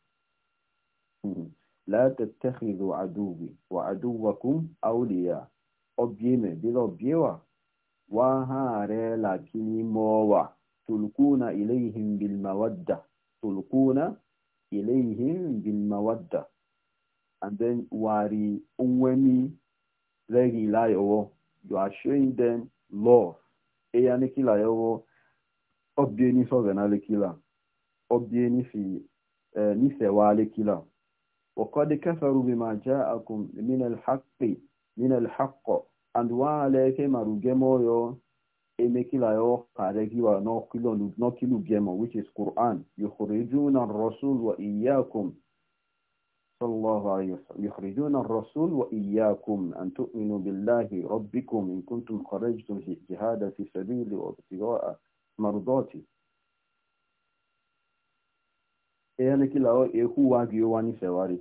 hmm. la tattakhidu aduwi wa aduwakum awliya obieme bila obiewa wa hare la kilimowa tulkuna ilayhim bil tulkuna ilayhim bil mawadda and then wari unweni regi layowo you are showing them love eya ni kila yowo obie ni so gana le kila obie ni fi eh, ni se wa le kila وقد كفروا بما جاءكم من الحق من الحق and wa alaykum arugemo yo emekila yo karegiwa nokilu no gemo which is quran yukhrijuna ar-rasul wa iyyakum sallallahu alayhi wasallam yukhrijuna ar-rasul wa iyyakum an tu'minu billahi rabbikum in kuntum kharajtum jihada fi sabili wa ibtigha'a mardati emekila yo ekuwa giwa ni sewari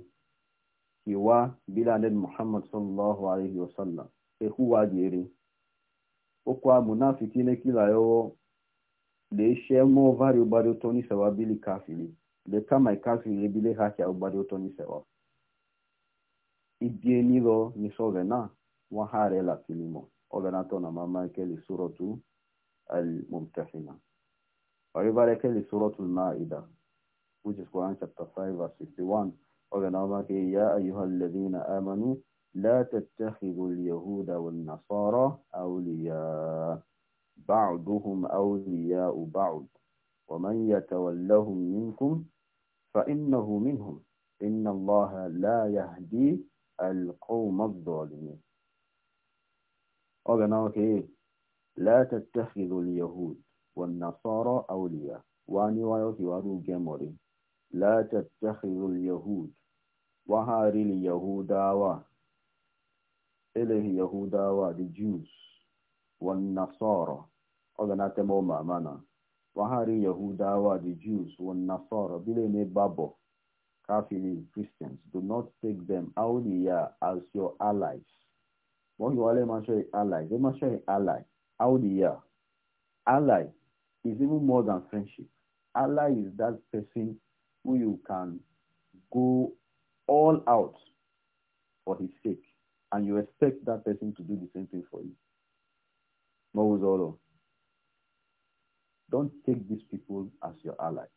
kiwa bila muhammad sallallahu alayhi wasallam ekuwa gere okwa munafiki ne kila yowo leishe mo vari ubari utoni sewa bili kafiri le kama ikafiri e bile haki ya ubari utoni sewa ibie nilo nisovena wahare la kilimo ovena tona mama e keli suratu al-mumtahina waribare keli suratu al-maida which is Quran chapter 5 verse 61 ovena mama ya ayuha alladhina amanu لا تتخذوا اليهود والنصارى أولياء بعضهم أولياء بعض ومن يتولهم منكم فإنه منهم إن الله لا يهدي القوم الظالمين أغنى أوكي لا تتخذوا اليهود والنصارى أولياء واني ويوكي وارو جمري لا تتخذوا اليهود وهاري اليهود eleghị yahudawa the jews wannasara ọ ga na-atema ụmụ amana wahari yahudawa the jews wannasara bilene babo, kafiri christians do not take them ya as your allies wọ́n yóò wálé máa ṣe ally they máa ṣe ally aulia ally is even more than friendship ally is that person who you can go all out for his sake and you expect that person to do the same thing for you. Mawuzolo, don't take these people as your allies.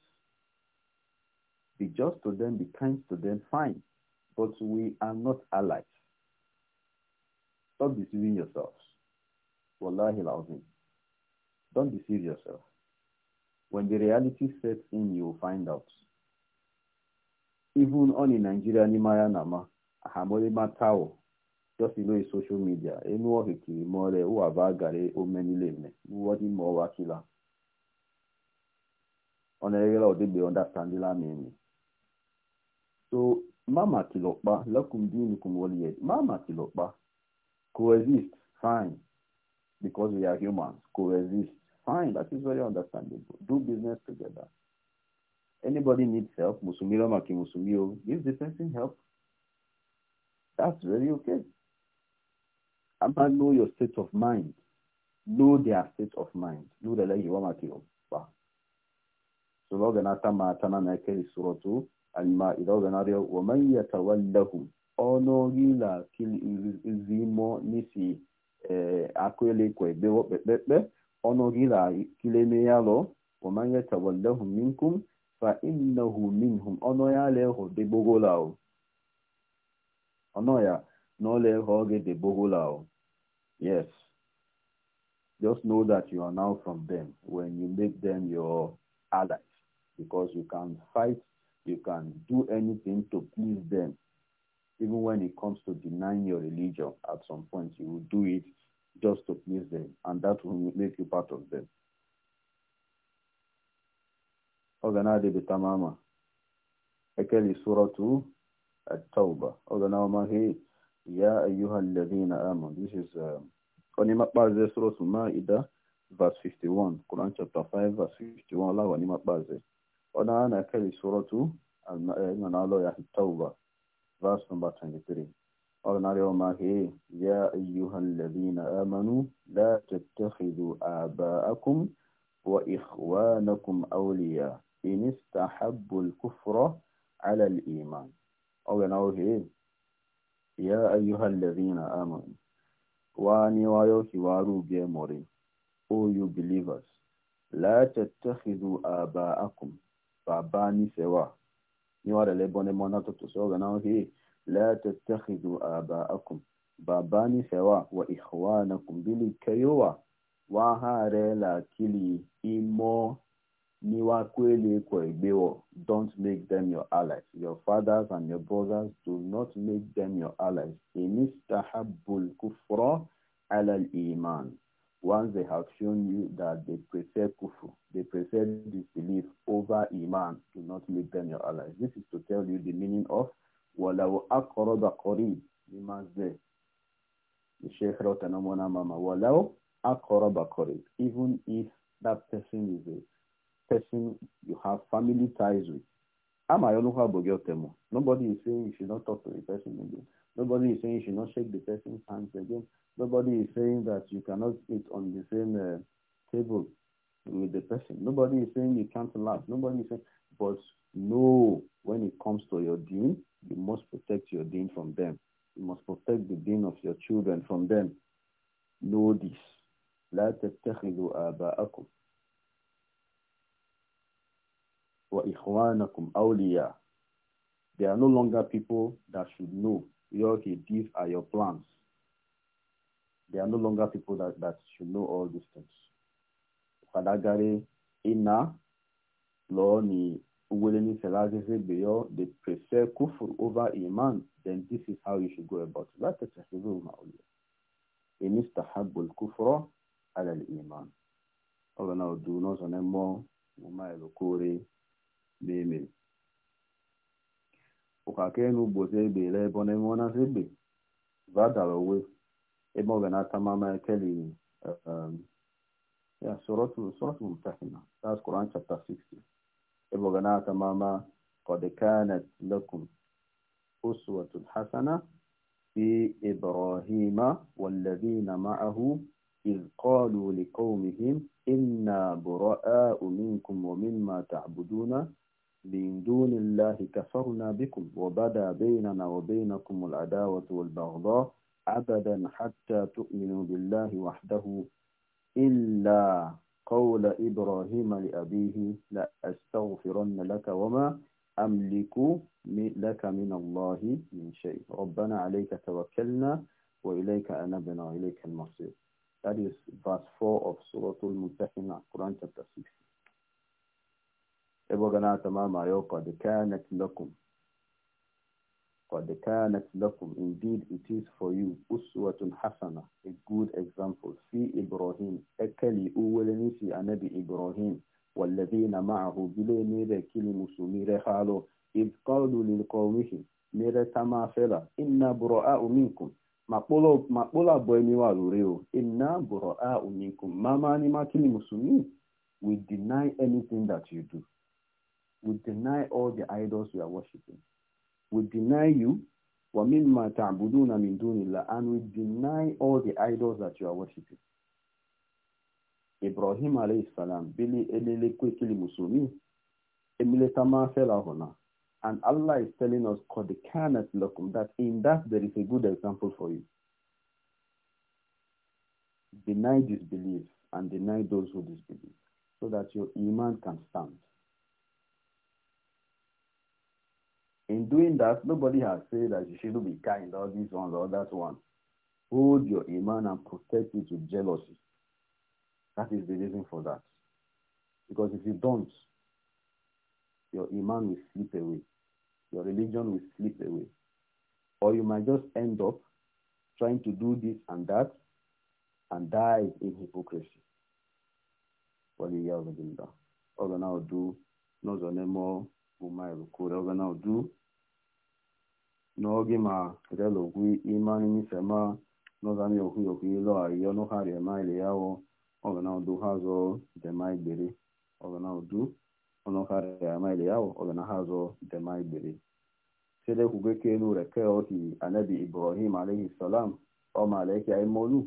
Be just to them, be kind to them, fine. But we are not allies. Stop deceiving yourselves. Wallahi al-Azim. Don't deceive yourself. When the reality sets in, you will find out. Even on in Nigeria, Nimaya Nama, Ahamolima Matao. just you know, ilo social media enu okikiri mole uwa ba gare La, me uwodi la ọwa kila ọnaregela odegbe understandila memi so mama kilokpa lakum dinukum waliyed mama kilokpa coexist fine because we are humans coexist fine that is very understandable do business together anybody needs help musumi lomaki musumi o give the person help that's very okay Abba, know your state of mind. Know their state of mind. Know the lagi wa maki opa. So Lord, logo na tama tana na kiri suratu alma idogo na rio wa man yatawallahum. Ono gila kil izimo nisi eh, akwele kwa ebewo pepepe. Ono gila kile meyalo wa man yatawallahum minkum fa innahu minhum. Ono ya leho debogola o. Ono ya leho n'ọla ehe ọ bohola yes just know that you are now from them when you make them your allies because you can fight, you can do anything to please them. Even when it comes to denying your religion, at some point you will do it just to please them, and that will make you part of them. Oganade betamama. Ekeli suratu at-tawba. Oganawama hate. يا أيها الذين آمنوا this is ونما بعض سورة المائدة verse 51 Quran chapter 5 verse 51 الله ونما بعض أنا أنا كلي سورة المنالو يا التوبة verse number 23 قالنا اليوم هي يا أيها الذين آمنوا لا تتخذوا آباءكم وإخوانكم أولياء إن استحبوا الكفر على الإيمان أو ينوهي يا أيها الذين آمنوا واني وايوكي واروبي بيموري او يو بليفرز لا تتخذوا آباءكم فاباني سوا نيوار لبوني مونا تتسوغ نوهي لا تتخذوا آباءكم باباني سوا وإخوانكم بلي كيوا وها ريلا كلي إمو Don't make them your allies. Your fathers and your brothers do not make them your allies. Inistahabbul kufra ala iman. Once they have shown you that they prefer kufr, they prefer disbelief over iman, do not make them your allies. This is to tell you the meaning of walau aqrada qarib liman's The Sheikh wrote an mama walau Even if that person is a person you have family ties with. Nobody is saying you should not talk to the person again. Nobody is saying you should not shake the person's hands again. Nobody is saying that you cannot sit on the same uh, table with the person. Nobody is saying you can't laugh. Nobody is saying, but no, when it comes to your dean, you must protect your dean from them. You must protect the dean of your children from them. Know this. لا تتخذوا آباءكم وإخوانكم أولياء They are no longer people that should know. Okay, these are your plans. They are no longer people that, that should know all these things. Kadagari ina law ni uweleni selazeze beyo they prefer kufur over iman then this is how you should go about it. لا تتخذوه مأولياء إن استحبوا الكفر على iman. Allah now do not anemo, Mumailokore, n'ime ụkaka enu gbozi egbe ele ebe ọ na-enwe ọnasị egbe vadara owe ebe ọ ga na-ata mama ekeli ya sọrọtụ mtakina that's Quran chapter 60 ebe ọ ga na-ata mama kọdekanet lekum uswatun hasana fi ibrahima والذين معه إذ قالوا لقومهم إنا براء منكم ومما تعبدون من دون الله كفرنا بكم وبدا بيننا وبينكم العداوة والبغضاء أبدا حتى تؤمنوا بالله وحده إلا قول إبراهيم لأبيه أستغفرن لك وما أملك لك من الله من شيء ربنا عليك توكلنا وإليك أنبنا وإليك المصير That is verse 4 of Surah Al-Mumtahina, Quran chapter 16. ebogana tamama yo qad lakum qad lakum indeed it is for you uswatun hasana a good example fi ibrahim ekeli uweleni fi anabi ibrahim والذين معه بلي نيرة كلي مسوميرة حالو إذ قالوا للقومهم نيرة تما فلا إنا براء منكم مقبولة مقبولة بويني والوريو إنا براء منكم ما ماني ما كلي مسومي we deny anything that you do we deny all the idols we are worshipping. We deny you, وَمِمَّا تَعْبُدُونَ مِن دُونِ اللَّهِ And we deny all the idols that you are worshipping. Ibrahim alayhi salam, bili And Allah is telling us, قَدْ كَانَتْ That in that there is a good example for you. Deny disbelief and deny those who disbelieve so that your iman can stand. In doing that, nobody has said that you shouldn't be kind or this one or that one. Hold your iman and protect it with jealousy. That is the reason for that. Because if you don't, your iman will slip away. Your religion will slip away. Or you might just end up trying to do this and that and die in hypocrisy. Wali yawzadillah. Oga na odu, nozo nemo, umay rukure. Oga now do. n'oge ma relogwi imani n'ifema n'ozami okwu okwu ilo ayo n'ụhari ema ile ya wo ọgana ha zọ dema igbere ọgana ọdụ ọnụhari ema ile ya ọgana ha zọ dema igbere sede anabi ibrahim alayhi salam ọma aleki aimolu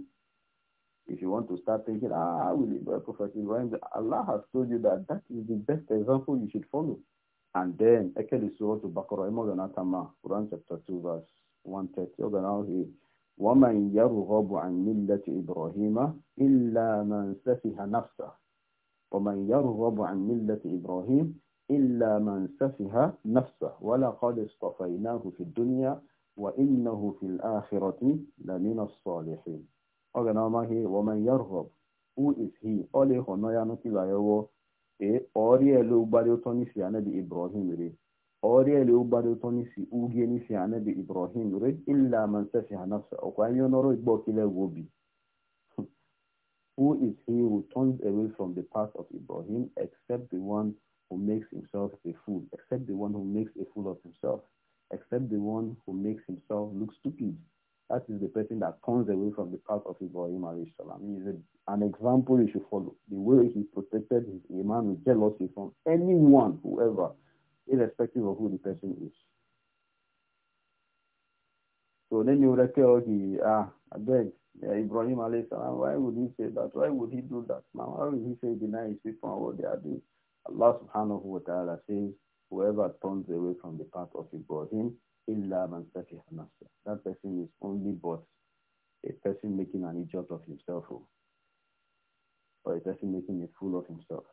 if you want to start thinking ah will prophet ibrahim allah has told you that that is the best example you should follow And then Ekeli Surah to Bakara Imoganatama, Quran chapter 2, verse 130. Oganahi, وَمَنْ يَرْغَبُ عَنْ مِلَّةِ إِبْرَاهِيمَ إِلَّا مَنْ سَفِهَ نَفْسَهُ وَمَنْ يَرْغَبُ عَنْ مِلَّةِ إِبْرَاهِيمَ إِلَّا مَنْ سَفِهَ نَفْسَهُ وَلَقَدِ اصْطَفَيْنَاهُ فِي الدُّنْيَا وَإِنَّهُ فِي الْآخِرَةِ لَمِنَ الصَّالِحِينَ Oganahi, وَمَنْ يَرْغَبُ Who is he? Ole Honoyanu Kilayowo ibrahim who is he who turns away from the path of ibrahim except the one who makes himself a fool except the one who makes a fool of himself except the one who makes himself look stupid That is the person that turns away from the path of Ibrahim alayhi salam. He a, an example you should follow. The way he protected his iman with jealousy from anyone, whoever, irrespective of who the person is. So then you recall the, ah, I beg, yeah, Ibrahim alayhi salam, why would he say that? Why would he do that now? Why would he say deny his people and what they are doing? Allah subhanahu wa ta'ala says, whoever turns away from the path of Ibrahim, illa man nafsa. That person is only but a person making an idiot of himself oh. or a person making a fool of himself.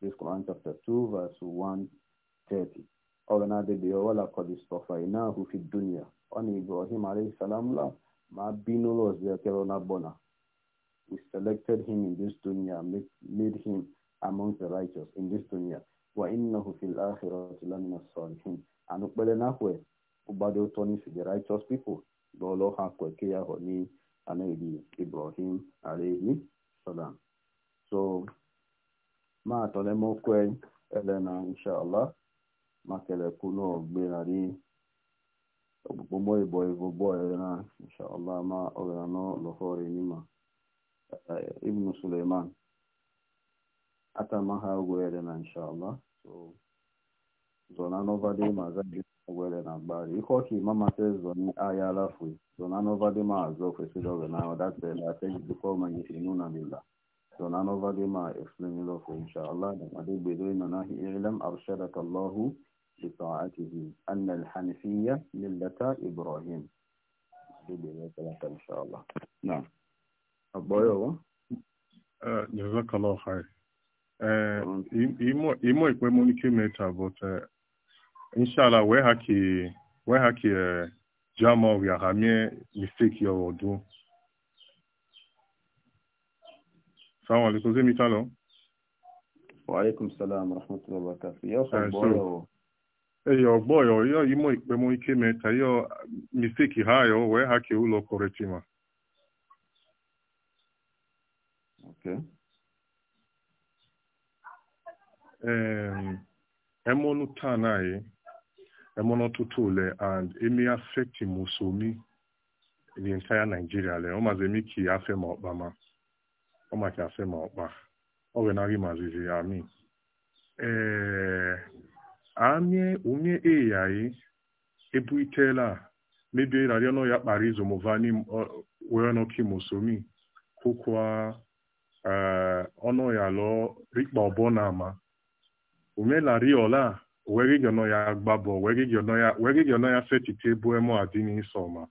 This Quran chapter 2 verse 130. ọ̀rọ̀nà dèbè ọwọ́ làkọ̀dì sọ̀fà iná àhùfi dúnìyà ọ̀nà ibrahim aleyhisalamla máa bínú lọ sí ẹkẹrọ bona. we selected him in this dunya made, him among the righteous in this dunya wa inna hufil akhirati lamina salihin and upele nahwe ụgbado ụtọ n'isi the righteous people lụọlọ ha kweke ya honi anaghị ibrahim alayhi salam so ma atolemokwe elena inshallah makelekunu ogbenari ogbogbo elena ma nima ibn suleiman atamaha ogwe were na gbara ihe ọka imamata ezoni ahịa alafue zonanova azọ kwesịrị ọrụ na ọdatela tegidikọmainunamila zonanova dima explainilofo inshallah adegbedo nanahi ilam arshadaka allahu لطاعته أن الحنفية ملة إبراهيم إن شاء الله نعم أبويا جزاك الله خير ìmọ̀ ìpẹ́ mo ní kí mẹ́ta but uh, inshallah we haki we haki uh, eh, jama ya hamie mistake ya wodu salamu alaykum zemi talo wa alaykum salam rahmatullahi wa barakatuh yo eh, sababu eyo boyo oh. eh, yo imo oh, ipe mo ike meta yo mistake hayo we haki ulo koretima ah. okay um emonu tanaye emonotutule and emi affecti musomi the entire Nigeria le o mazi emi ka afe ma ọkpa ma ọ maka afe ma ọkpa ọ wenarị mazizi ya ami ee amie onye eyayi ebu itela mebie rari ọnụ ya kpara izo mụvani wee nọki musomi kụkwa ọnụ eh, ya lụọ rikpa ọbọ na ama umelari ọla were gị ọnọ ya agba bọọlụ were gị ọnọ ya setite bụ emo adị n'isi ọma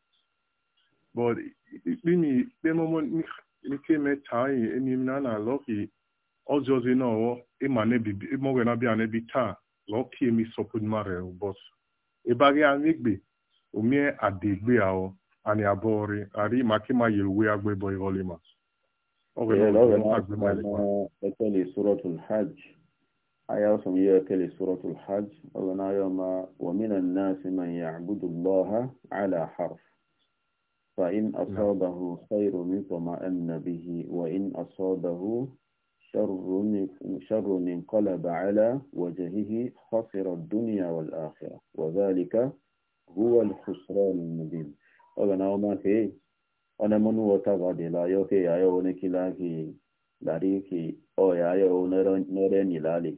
but ikpimi ikpemomo nike mechaa yi emim na na lọki na n'ọwọ ịma n'ebibi ịmọwe na-abịa n'ebi taa lọki emi sọpụd mara but ịbaghị anyị gbe omie adịgbe ahụ ani abọọrị arị maka ịma yi uwe agbebọ ịghọlima ọ bụ na ọ bụ na agbe ma ịlekwa aya som yo kele suratul hajj ona yoma wa minan nas man ya'budu allaha ala harf fa in asabahu khayrun yutma'anna bihi wa in asabahu sharrun sharrun inqalaba ala wajhihi khasira ad-dunya wal akhirah wa dhalika huwa al-khusran al-mubin ona oma ke ona monu otagade la yo ke ayo ne kilaki dari ki o ya yo ne ro ne ni lali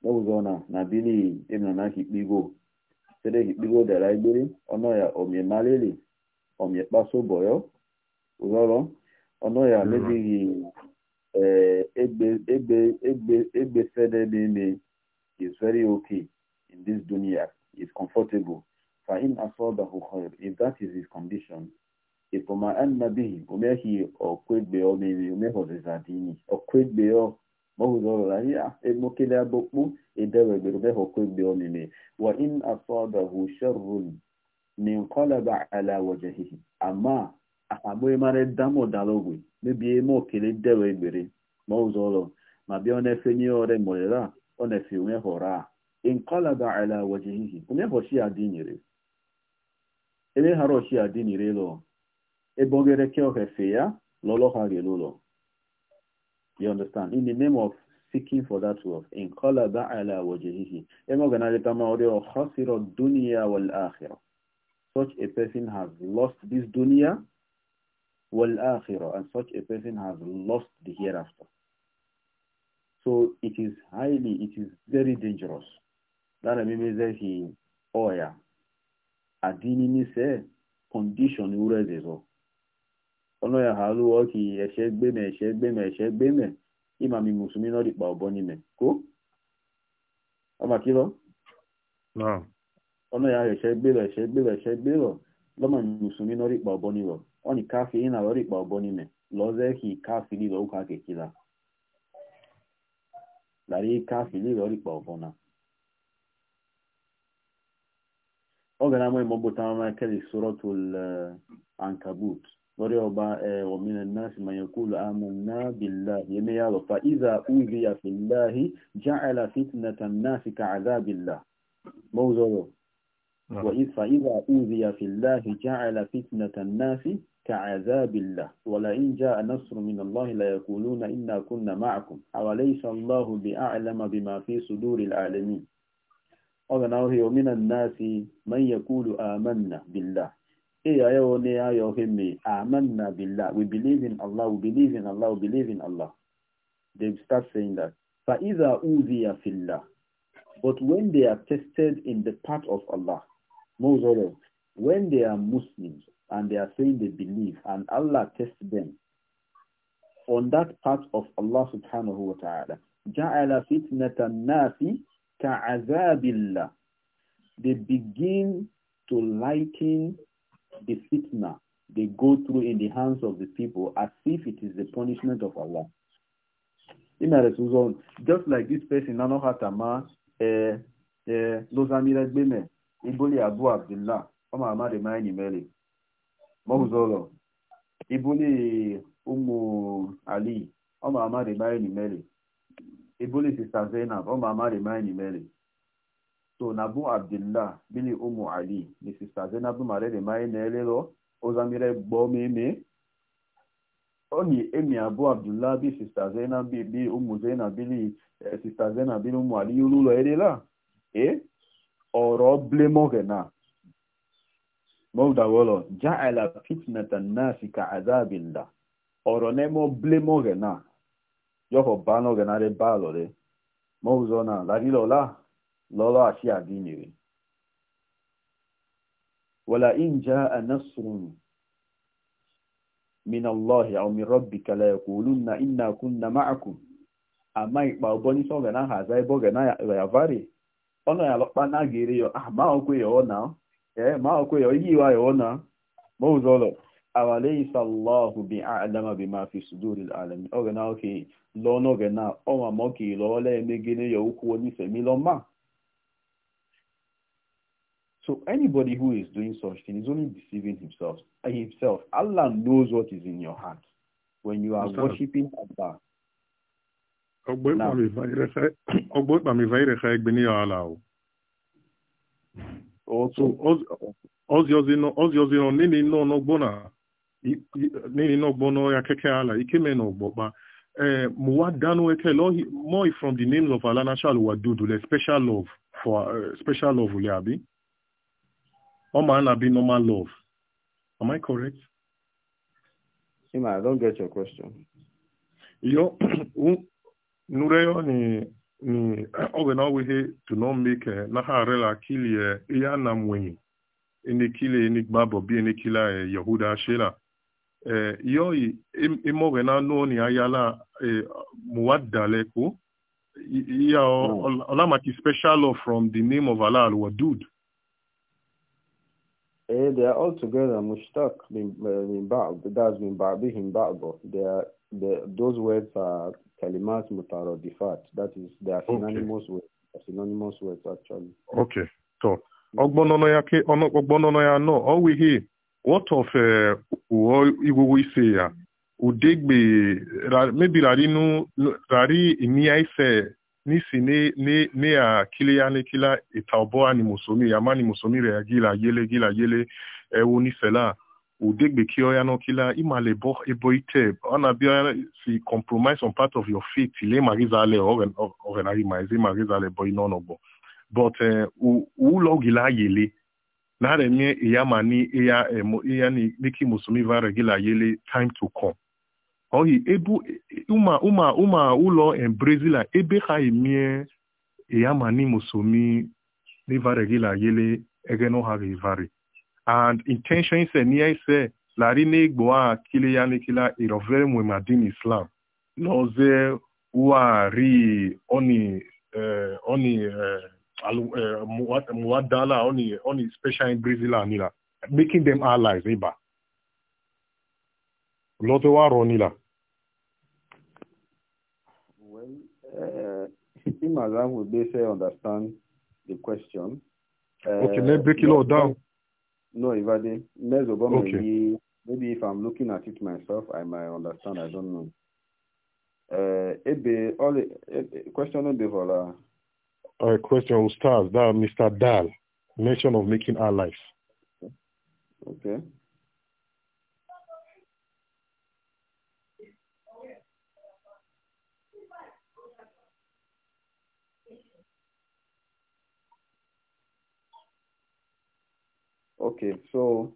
n'ogụzona na bili bigo. Sede bilii ịnanahikpigo serehikpigo dara igbere ọnọya omiemalili omikpasoboyo ụzọrọ ọnọya hmm. mebighị eh, egbefedebeme is very okay in this dunya is comfortable فإن أصابه خير if that is his condition إطمأن به أمه أو كويت بيو أمه أو كويت بيو mahuzorolahia ah, emokele abokpu edewegberubehokwegbeomime wa in asabahu sharrun ninqalaba ala wajahihi ama akagboemara damodalogwe mebie eme okele dewe egbere mahuzolo ma bịa ọ na-efe nye ore morera ọ na-efe onwe họrọ a inqalaba ala wajahihi omehochi adinyere emeghara ochi adinyere lọ ebe ogereke ohefe ya lọlọ ha gelụlọ You understand? In the name of seeking for that wealth. In qalaba ala wajhihi. dunya wal akhirah. Such a person has lost this dunya wal akhirah and such a person has lost the hereafter. So it is highly, it is very dangerous. That mimi says he oya. Oh adini ni se condition urezezo. ọ̀nà ya ha lúwọ́ kì í ẹ̀ṣẹ́ gbémẹ̀ ẹ̀ṣẹ́ gbémẹ̀ ẹ̀ṣẹ́ gbémẹ̀ ìmà mi mùsùlùmí náà dìpa ọ̀bọ nímẹ̀ kó ọmọ kí lọ. ya ẹ̀ṣẹ́ gbélọ̀ ẹ̀ṣẹ́ gbélọ̀ ẹ̀ṣẹ́ gbélọ̀ lọ́mọ mi mùsùlùmí náà dìpa ọ̀bọ nílọ̀ ọ̀nì káfí iná lọ́ dìpa ọ̀bọ nímẹ̀ lọ́zẹ́ kì káfí lílọ̀ ó káàkiri la làrí káfí lílọ̀ dìpa ọ̀bọ ìmọ̀ وريوبا eh, ومن الناس ما يقول آمنا بالله يميالو يعني فإذا أوذي في الله جعل فتنة الناس كعذاب الله موزولو نعم. وإذا فإذا أوذي في الله جعل فتنة الناس كعذاب الله ولئن جاء نصر من الله لا يقولون إنا كنا معكم أوليس الله بأعلم بما في صدور العالمين أغنى ومن الناس من يقول آمنا بالله We believe in Allah, we believe in Allah, we believe in Allah. They start saying that. فَإِذَا أُوذِيَ فِي اللَّهِ But when they are tested in the path of Allah, when they are Muslims and they are saying they believe and Allah tests them on that path of Allah subhanahu wa ta'ala, جَعَلَ فِتْنَةَ النَّاسِ كَعَذَابِ اللَّهِ They begin to lighten the fitna they go through in the hands of the people as if it is the punishment of Allah. Just like this person, Nano Hatama, eh, eh, Lozamira Gbeme, Iboli Abu Abdullah, Oma Amade Maini Meli, Mohuzolo, Iboli Umu Ali, Oma Amade Maini Meli, Iboli Sister Zainab, Oma Amade Maini Meli to nabu abdullah bili umu ali ni sista zenabu marere mai nelelo ozamire gbo meme oni emi abu abdullah bi sista zenab bi bi umu zenab bili eh, sista zenab bili umu ali yululo erela e oro blemo gena mawda wolo ja'ala fitnatan nasi ka azabillah oro nemo blemo gena yoho bano gena re balo re mawzona la rilola lọlọghachi a gị nyere wala inja anasrun min allahi aw min rabbika la yaqulunna inna kunna ma'akum ama ikpa ụbọ n'isi ọ ga na ahaza ebe ọ na ya vari ya lọkpa na gere ya ah ma ọkwe ya ọ ee ma ọkwe ya iyi wa ya ọ na ma ụzọ ụlọ awalaysa allahu bi a'lama bima fi suduril alamin ọ ga na oke lọ n'oge na ọnwa ma ọ ka ịlọ ọla emegide ya ukwu onye ife milọ ma So anybody who is doing such thing is only deceiving himself. Eh, himself. Allah knows what is in your heart when you are worshiping Allah. ọzọzino eh, nini from the names of Allah special love for uh, special love ule Oma na be normal love. Am I correct? Sima, I don't get your question. Yo, Nureyo ni ni owe na owe he to not make eh, na ha rela kili eh, e ya na mwenyi. Ini e kile ini e babo bi ini kila eh, Yehuda Shela. Yoi imowe na no ni ayala muwaddaleku. Yeah, hmm. Olamaki special law from the name of Allah al dude Eh, they are all together, mushtaq eh, min ba'd, that's min ba'dihim ba'd. They are, those words are kalimat mutaradifat, that is, they are synonymous okay. words, synonymous words actually. Okay, so, ọgbọnọnọ mm. ya ke ọgbọnọnọ ya nọ hear what of uwe iwuwe ise ya udegbe maybe rari nu rari imia ise nisi ne ne ne a kile ne kila etaoboa ni musomi ama ni musomi re agila yele gila yele ewo ni fela udegbe ki oya no kila imale bo ebo ite ona bi si compromise on part of your faith ile mariza le oven oven ari ma ze mariza le boy no no bo but eh u u lo yele na re mi eya mani eya emo eya ni e e e niki musomi va regila yele time to come ohi ebu uma uma uma ụlọ em ebe ha emie yamani e musomi nivaregila yele egeno ha rivari and intention se ni ise lari na igbo a kile ya nikila irovere e mwe madin islam loze wari oni eh, oni eh, alu, eh, muwadala oni oni special in brazil anila making them allies iba eh, lọ́tọ́ wá rọ nílà. Well, uh, him as I would basically understand the question. Uh, okay, eh, let's break it all down. No, Ivade, Ms. Obama, okay. maybe, maybe if I'm looking at it myself, I might understand. I don't know. Uh, ebe, all the, question uh, question ebe vola. Uh, question will start that Mr. Dahl mention of making our life. Okay. okay. okay so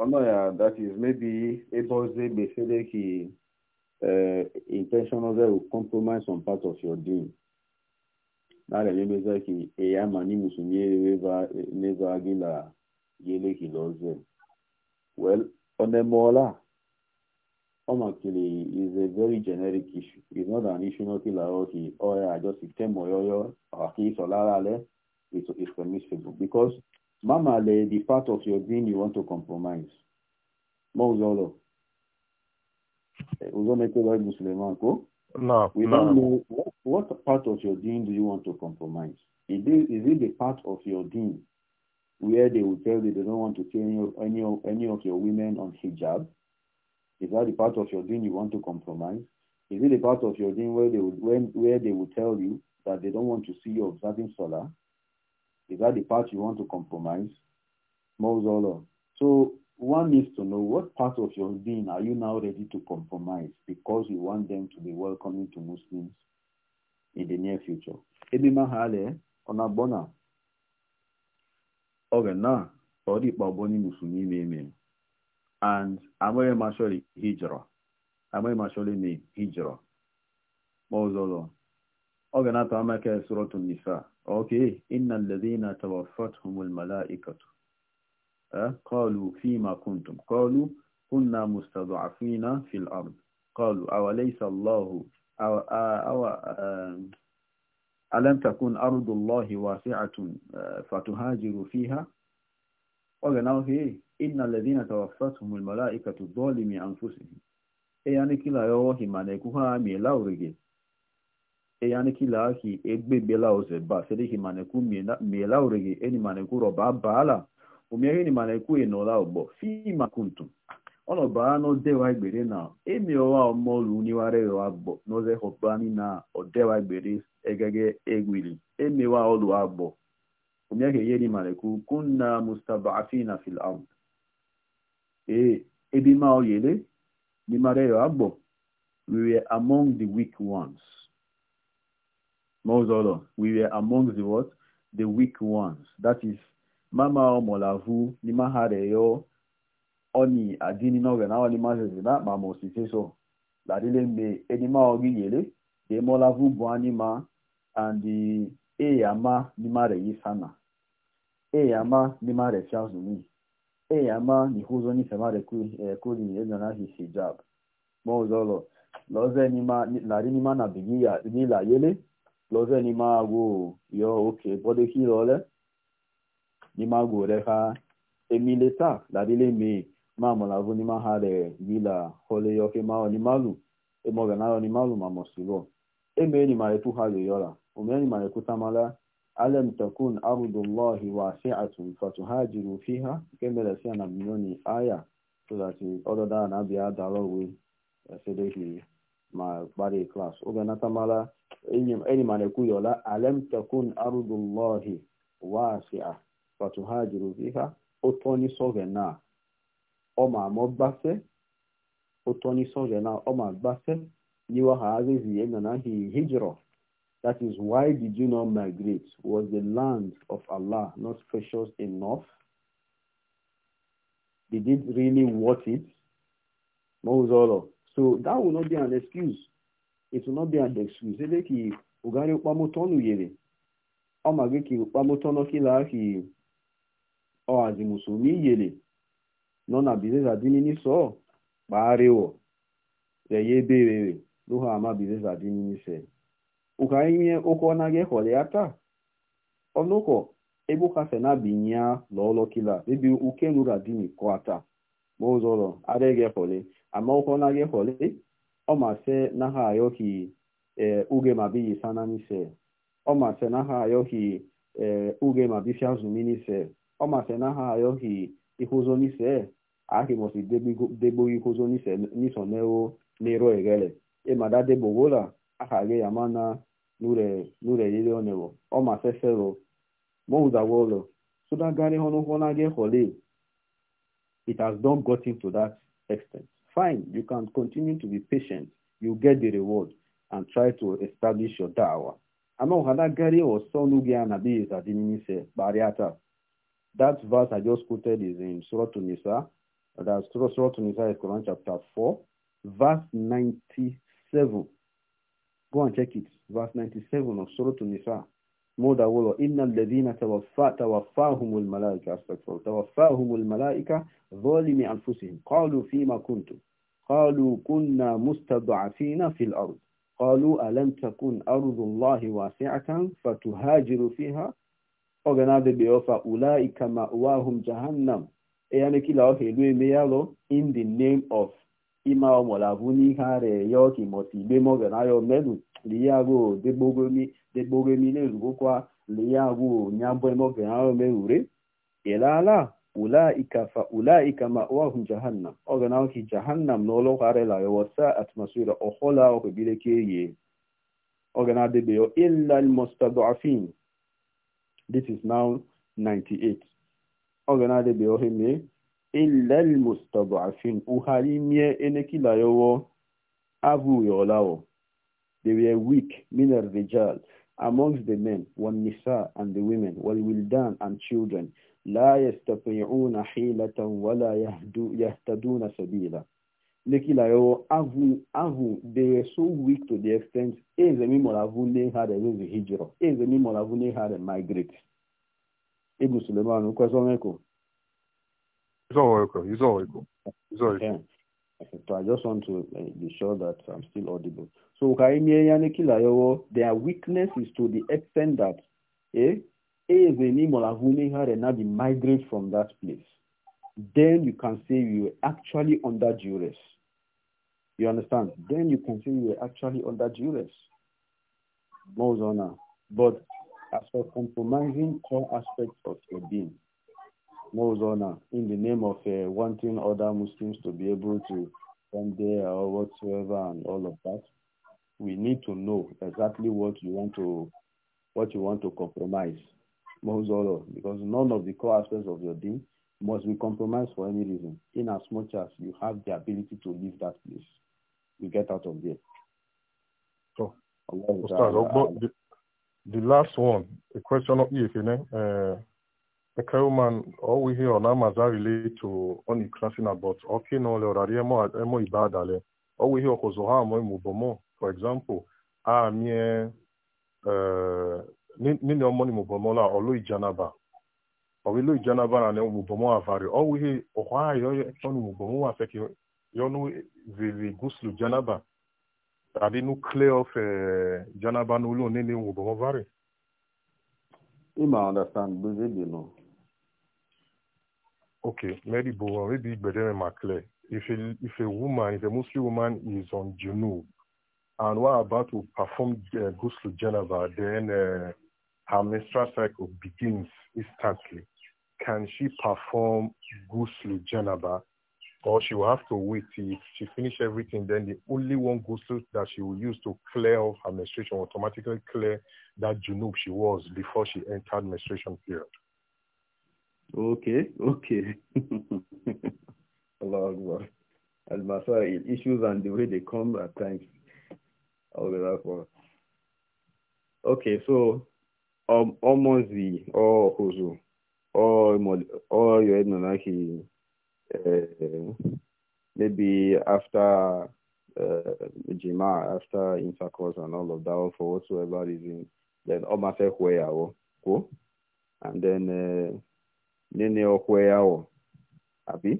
ọ̀nà oh yà that is maybe a ebose gbèsèlè kì uh, intentional there will compromise some part of your dream. Now deal lára ẹ̀mí he, kì èyà mà ní mùsùlùmí neva like he kì uh, lọ́zẹ̀ well on the ọ̀nẹ́mọ́ọ́lá actually, is a very generic issue it's not an issue not Oh yeah, just kì ọ̀yà àjọsìn tẹ̀mọ̀ yọ́yọ́ àkíyèsọ̀ lára alẹ́ it's, it's permissible because. Mama, the, the part of your green you want to compromise. Mozolo. Eh, no, we don't know what, what part of your deen do you want to compromise. Is it, is it the part of your deen where they will tell you they don't want to see any, any, any of your women on hijab? Is that the part of your deen you want to compromise? Is it the part of your deen where they would when, where they will tell you that they don't want to see you observing solar? Is that the part you want to compromise? Mozolo. So one needs to know what part of your being are you now ready to compromise because you want them to be welcoming to Muslims in the near future. Ebi mahale ona bona. Oge na odi baboni musumi meme. And amoye masholi hijra. Amoye masholi me hijra. Mozolo. Oge na tamake suratun nisa. أوكي إن الذين توفتهم الملائكة أه؟ قالوا فيما كنتم قالوا كنا مستضعفين في الأرض قالوا أوليس الله أو, أو, ألم تكن أرض الله واسعة أه، فتهاجر فيها وقالوا هي إن الذين توفتهم الملائكة ظالمي أنفسهم إيه، يعني كلا يوهي ما نيكوها ميلاورجي eyanikilaki egbebela ozeba sedehi maneku mielaurigi eni maneku roba baala umiere ni maneku enola ogbo fima kuntum ọnọbaa n'odewa egbere na emiowa omolu niwarewa gbo n'oze hobani na odewa egbere egege egwili emewa olu agbo umiere yeri maneku kunna mustabafina fil ard ee ebima oyele nimarewa agbo we were among the weak ones Mozolo, we were among the what? The weak ones. That is, Mama Omolavu, Nima Hareyo, Oni Adini na our Nima Zezina, Mamo Siteso, Ladile Me, Enima Ogiyele, the Molavu Buanima, and the Eyama Nima sana Eyama Nima Refiazumi. Eyama Nihuzoni Femare Kuli Enana eh, His Hijab. Mozolo, Lozenima, Larinima Nabigia, Nila Yele, Lọzọ ni máa wò yọ òkè bọ́dé kí lọ́lẹ́ ni máa wò ha èmi lè tà ládílé mi máa mọ̀ làbó ni máa ha rẹ̀ yìlà ọlẹ́ yọ kí máa ní máàlù èmọ̀ rẹ̀ náà ní máàlù màmọ̀ sí lọ èmi ha lè yọra òmí ni màá kú tamala alẹ́m takun arúgbòlọ́ọ̀hì ma kpari klas oge natamala enyi na-ekwu ya ọla alem tekun arudullohi wasia fatu ha juru fiha otoni sogena ọma amọ gbafe otoni sogena oma gbafe niwa ha azizi ena na hi hijra that is why did you not migrate was the land of allah not precious enough did it really worth it ma So that will not be an excuse. It will not be an excuse. Ele ki ugari ukpamotonu yere. Ọ ma gị ka ukpamotono kila ahị ọhazi musulmi yere. Nọ na bizeza dị n'iso Reye ebe rere lụha ama bizeza dị Ụka ihe ụkọ naghị gị ya taa. Ọnụkọ ebe ụka sena binye ya lọọlọ kila ebe uke nụra dị n'ikọ ata. Ma ụzọrọ adịghị họrọ. amakwụkwọ na gị holi ọmase naha ayọhi ee uge mabiyi sananise ọmase naha ayọhi ee uge mabifia zuminise ọmase naha ayọhi ihuzonise ahimosi degbo ihuzonise nisonewo n'ero egere ịmada degbogola aha gị yamana nure nure yele onewo ọmase fero mọhụzawolo so that gari ọnụkwọ na gị holi it has not gotten to that extent Fine, you can continue to be patient. You get the reward and try to establish your dawah. Ama uhadagari or sonugia nabi is adiminise bariata. That verse I just quoted is in Surah Tunisa. That's Surah, Surah Tunisa is Quran chapter 4, verse 97. Go and check it. Verse 97 of Surah Tunisa. مودة ولو إن الذين توفى توفاهم الملائكة أستغفر توفاهم الملائكة ظالمي أنفسهم قالوا فيما كنتم قالوا كنا مستضعفين في الأرض قالوا ألم تكن أرض الله واسعة فتهاجر فيها أغناد بيوفا أولئك مأواهم جهنم يعني كلا أهلو ميالو in the name of ima ọmọlàbúní ààrẹ ẹ̀yọ́ kìmọ̀tì ìgbémọ̀gànáyọ mẹ́rù lèyàwó dégbógómi lèrú kókó lèyàwó nyàbọ̀ ẹmọ̀gànáyọ mẹ́rù rẹ̀ ìlàlá ulaika ma'wahum jahannam ogana oki jahannam no lo kare la yo sa atmasira ohola o ko bile ke ye ogana de be yo illa al mustad'afin this is now 98 ogana de be yo hemi illa al mustad'afin uhali mie eneki la yo avu yo lawo they were weak min al rijal amongst the men wan nisa and the women wal wildan and children لا يستطيعون حيلة ولا يهتدون سبيلا leki la yo avu avu they are so weak to the extent eze eh, mi mo lavu ne ha de ze hijro eze eh, mi mo lavu ne ha de migrate ibn suleiman ko so me ko so ko so ko so ko i just want to eh, be sure that i'm still audible so ka imi ya ne la yo their weakness is to the extent that eh Nabi migrate from that place. Then you can say you were actually under duress. You understand? Then you can say you were actually under duress. honour. But as for compromising core aspects of your being, honour. in the name of uh, wanting other Muslims to be able to come there or whatsoever and all of that, we need to know exactly what you want to what you want to compromise. Mahuzoro, because none of the core aspects of your deen must be compromised for any reason, in as much as you have the ability to leave that place. You get out of there. So, the, the last one, a question of if you know, the uh, crewman, all we hear on Amazon relate to only classing about, okay, no, or Ariemo, Emo Ibadale, all we hear Kozoha, Moimubomo, for example, ah, eh, uh, nini ọmọ ni mụbọmọ la ọlụ ijanaba ọbụ ilu ijanaba na ne mụbọmọ avari ọwụ ihe ọkwa ayọ ọ ni mụbọmọ wa fẹ ki yọnu vivi guslu janaba tàbí nu clear off eh, janaba n'olu nini mụbọmọ vari. ima understand gbèsè dènà. okay mary bowen wey be ma clear if a if a woman if a muslim woman is on junub and wa about to perform uh, eh, ghusl janaba then. Uh, her menstrual cycle begins instantly, can she perform ghusl janaba or she will have to wait till she finish everything then the only one ghusl that she will use to clear off her menstruation automatically clear that junub she was before she entered menstruation period okay okay Allah Akbar. Al-Masail, issues and the way they come at times. I'll be for Okay, so ọmọzi ọhụzụ ọyọ nọnahi maybe after uh, after intercourse and all of that for whatsoever reason then omafe hwe kwo and then eh, nene ọhwe yawo abi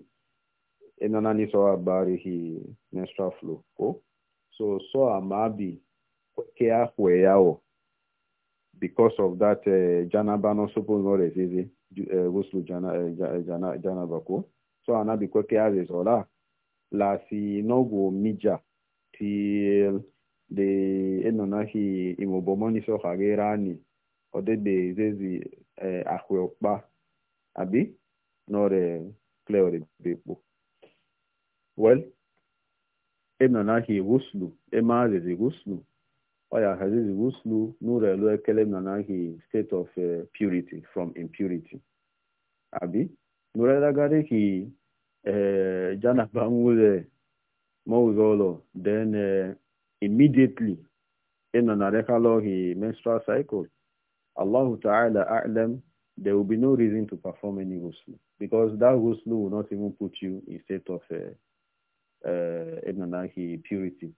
ịnọna n'isọ abarihi menstrual flow kwo so so amabi kweke ahwe yawo because of that uh, janaba no suppose no rezizi guslu janaba ko so ana biko ke azezola la si nogo mija till the enonahi imobomoni so hagerani odebe zezi ahweopa abi nore kleore bepo well enonahi guslu ema azezi guslu Oya oh, Haziz Wuslu Nurelu Ekelem Nanahi state of uh, purity from impurity. Abi Nurela Gareki uh, Jana Bamule Mawzolo then uh, immediately in Nanareka he menstrual cycle. Allah Ta'ala A'lam there will be no reason to perform any ghusl because that ghusl will not even put you in state of uh, uh, purity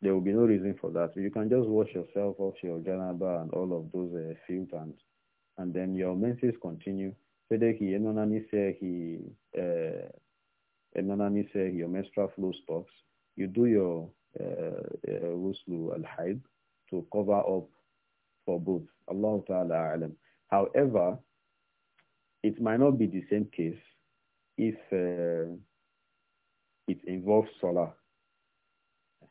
there will be no reason for that. You can just wash yourself off your janaba and all of those uh, filters, and then your menses continue. Fedeki enonani say he enonani uh, uh, say your menstrual flow stops. You do your wuslu uh, al haid to cover up for both. Allah Taala alam. However, it might not be the same case if uh, it involves salah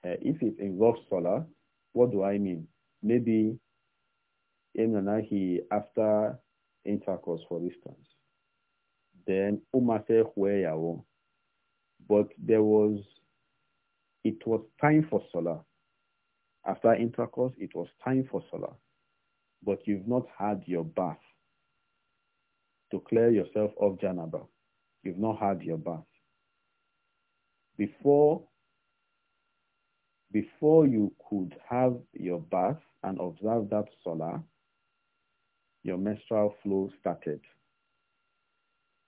uh, if it involves solar, what do I mean? Maybe he after intercourse, for instance. Then Umate But there was, it was time for solar. After intercourse, it was time for solar. But you've not had your bath to clear yourself of Janaba. You've not had your bath. Before before you could have your bath and observe that solar, your menstrual flow started.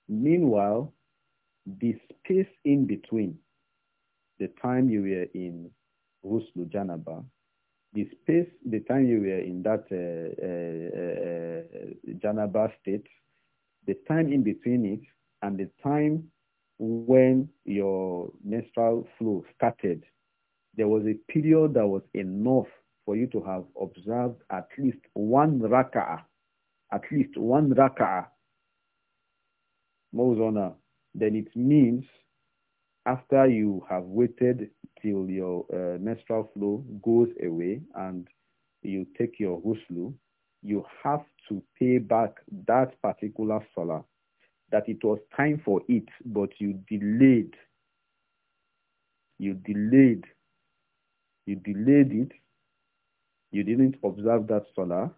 Meanwhile, the space in between the time you were in Ruslu Janaba, the space, the time you were in that uh, uh, uh, Janaba state, the time in between it, and the time when your menstrual flow started there was a period that was enough for you to have observed at least one raka'ah. At least one raka'ah. Mawzona. Then it means after you have waited till your uh, menstrual flow goes away and you take your huslu, you have to pay back that particular salah that it was time for it, but you delayed. You delayed you delayed it, you didn't observe that salah,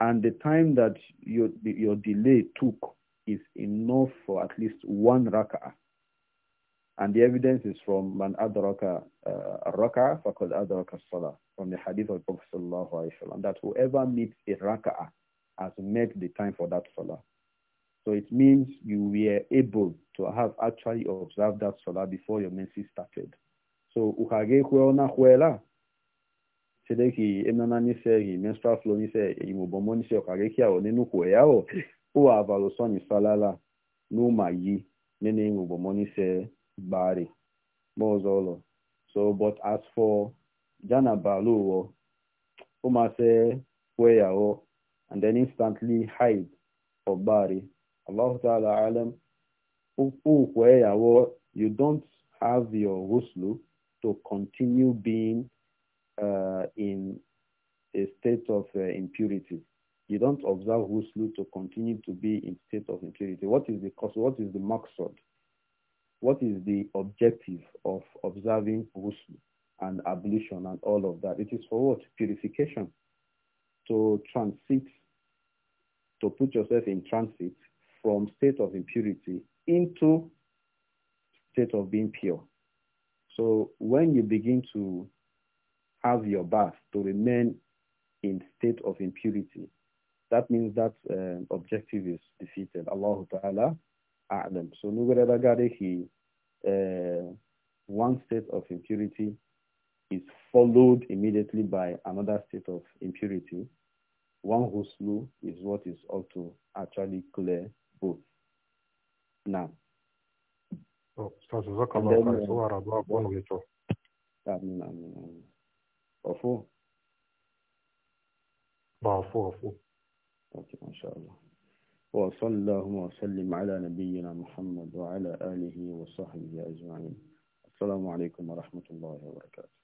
and the time that your, your delay took is enough for at least one rak'ah. And the evidence is from an adraka uh, rak'ah called adraka salah from the hadith of Prophet sallallahu alaihi wasallam that whoever meets a rak'ah has met the time for that salah. So it means you were able to have actually observed that salah before your menses started. so ukage kwuo na kwuela sede ki emnana nise ki menstrual flow nise imobomo nise ukage kia o nenu kwea o uwa avalo so ni salala n'uma yi nene imobomo nise bari mozolo so but as for jana balu o uma se kwea o and then instantly hide for bari allah ta'ala alam ukwea o you don't have your ghuslu to continue being uh, in a state of uh, impurity. You don't observe ghusl to continue to be in state of impurity. What is the cause? What is the maqsad? What is the objective of observing ghusl and ablution and all of that? It is for what? Purification. To transit, to put yourself in transit from state of impurity into state of being pure. So when you begin to have your bath to remain in state of impurity, that means that um, objective is defeated. Allah Ta'ala A'lam. So Nugarabagari, uh, um, one state of impurity is followed immediately by another state of impurity. One huslu is what is also actually clear both. Now, أستاذ جزاك الله خير ورضاك ونبيته آمين آمين آمين عفو عفو عفو طيب إن شاء الله وصلى اللهم وسلم على نبينا محمد وعلى آله وصحبه أجمعين السلام عليكم ورحمة الله وبركاته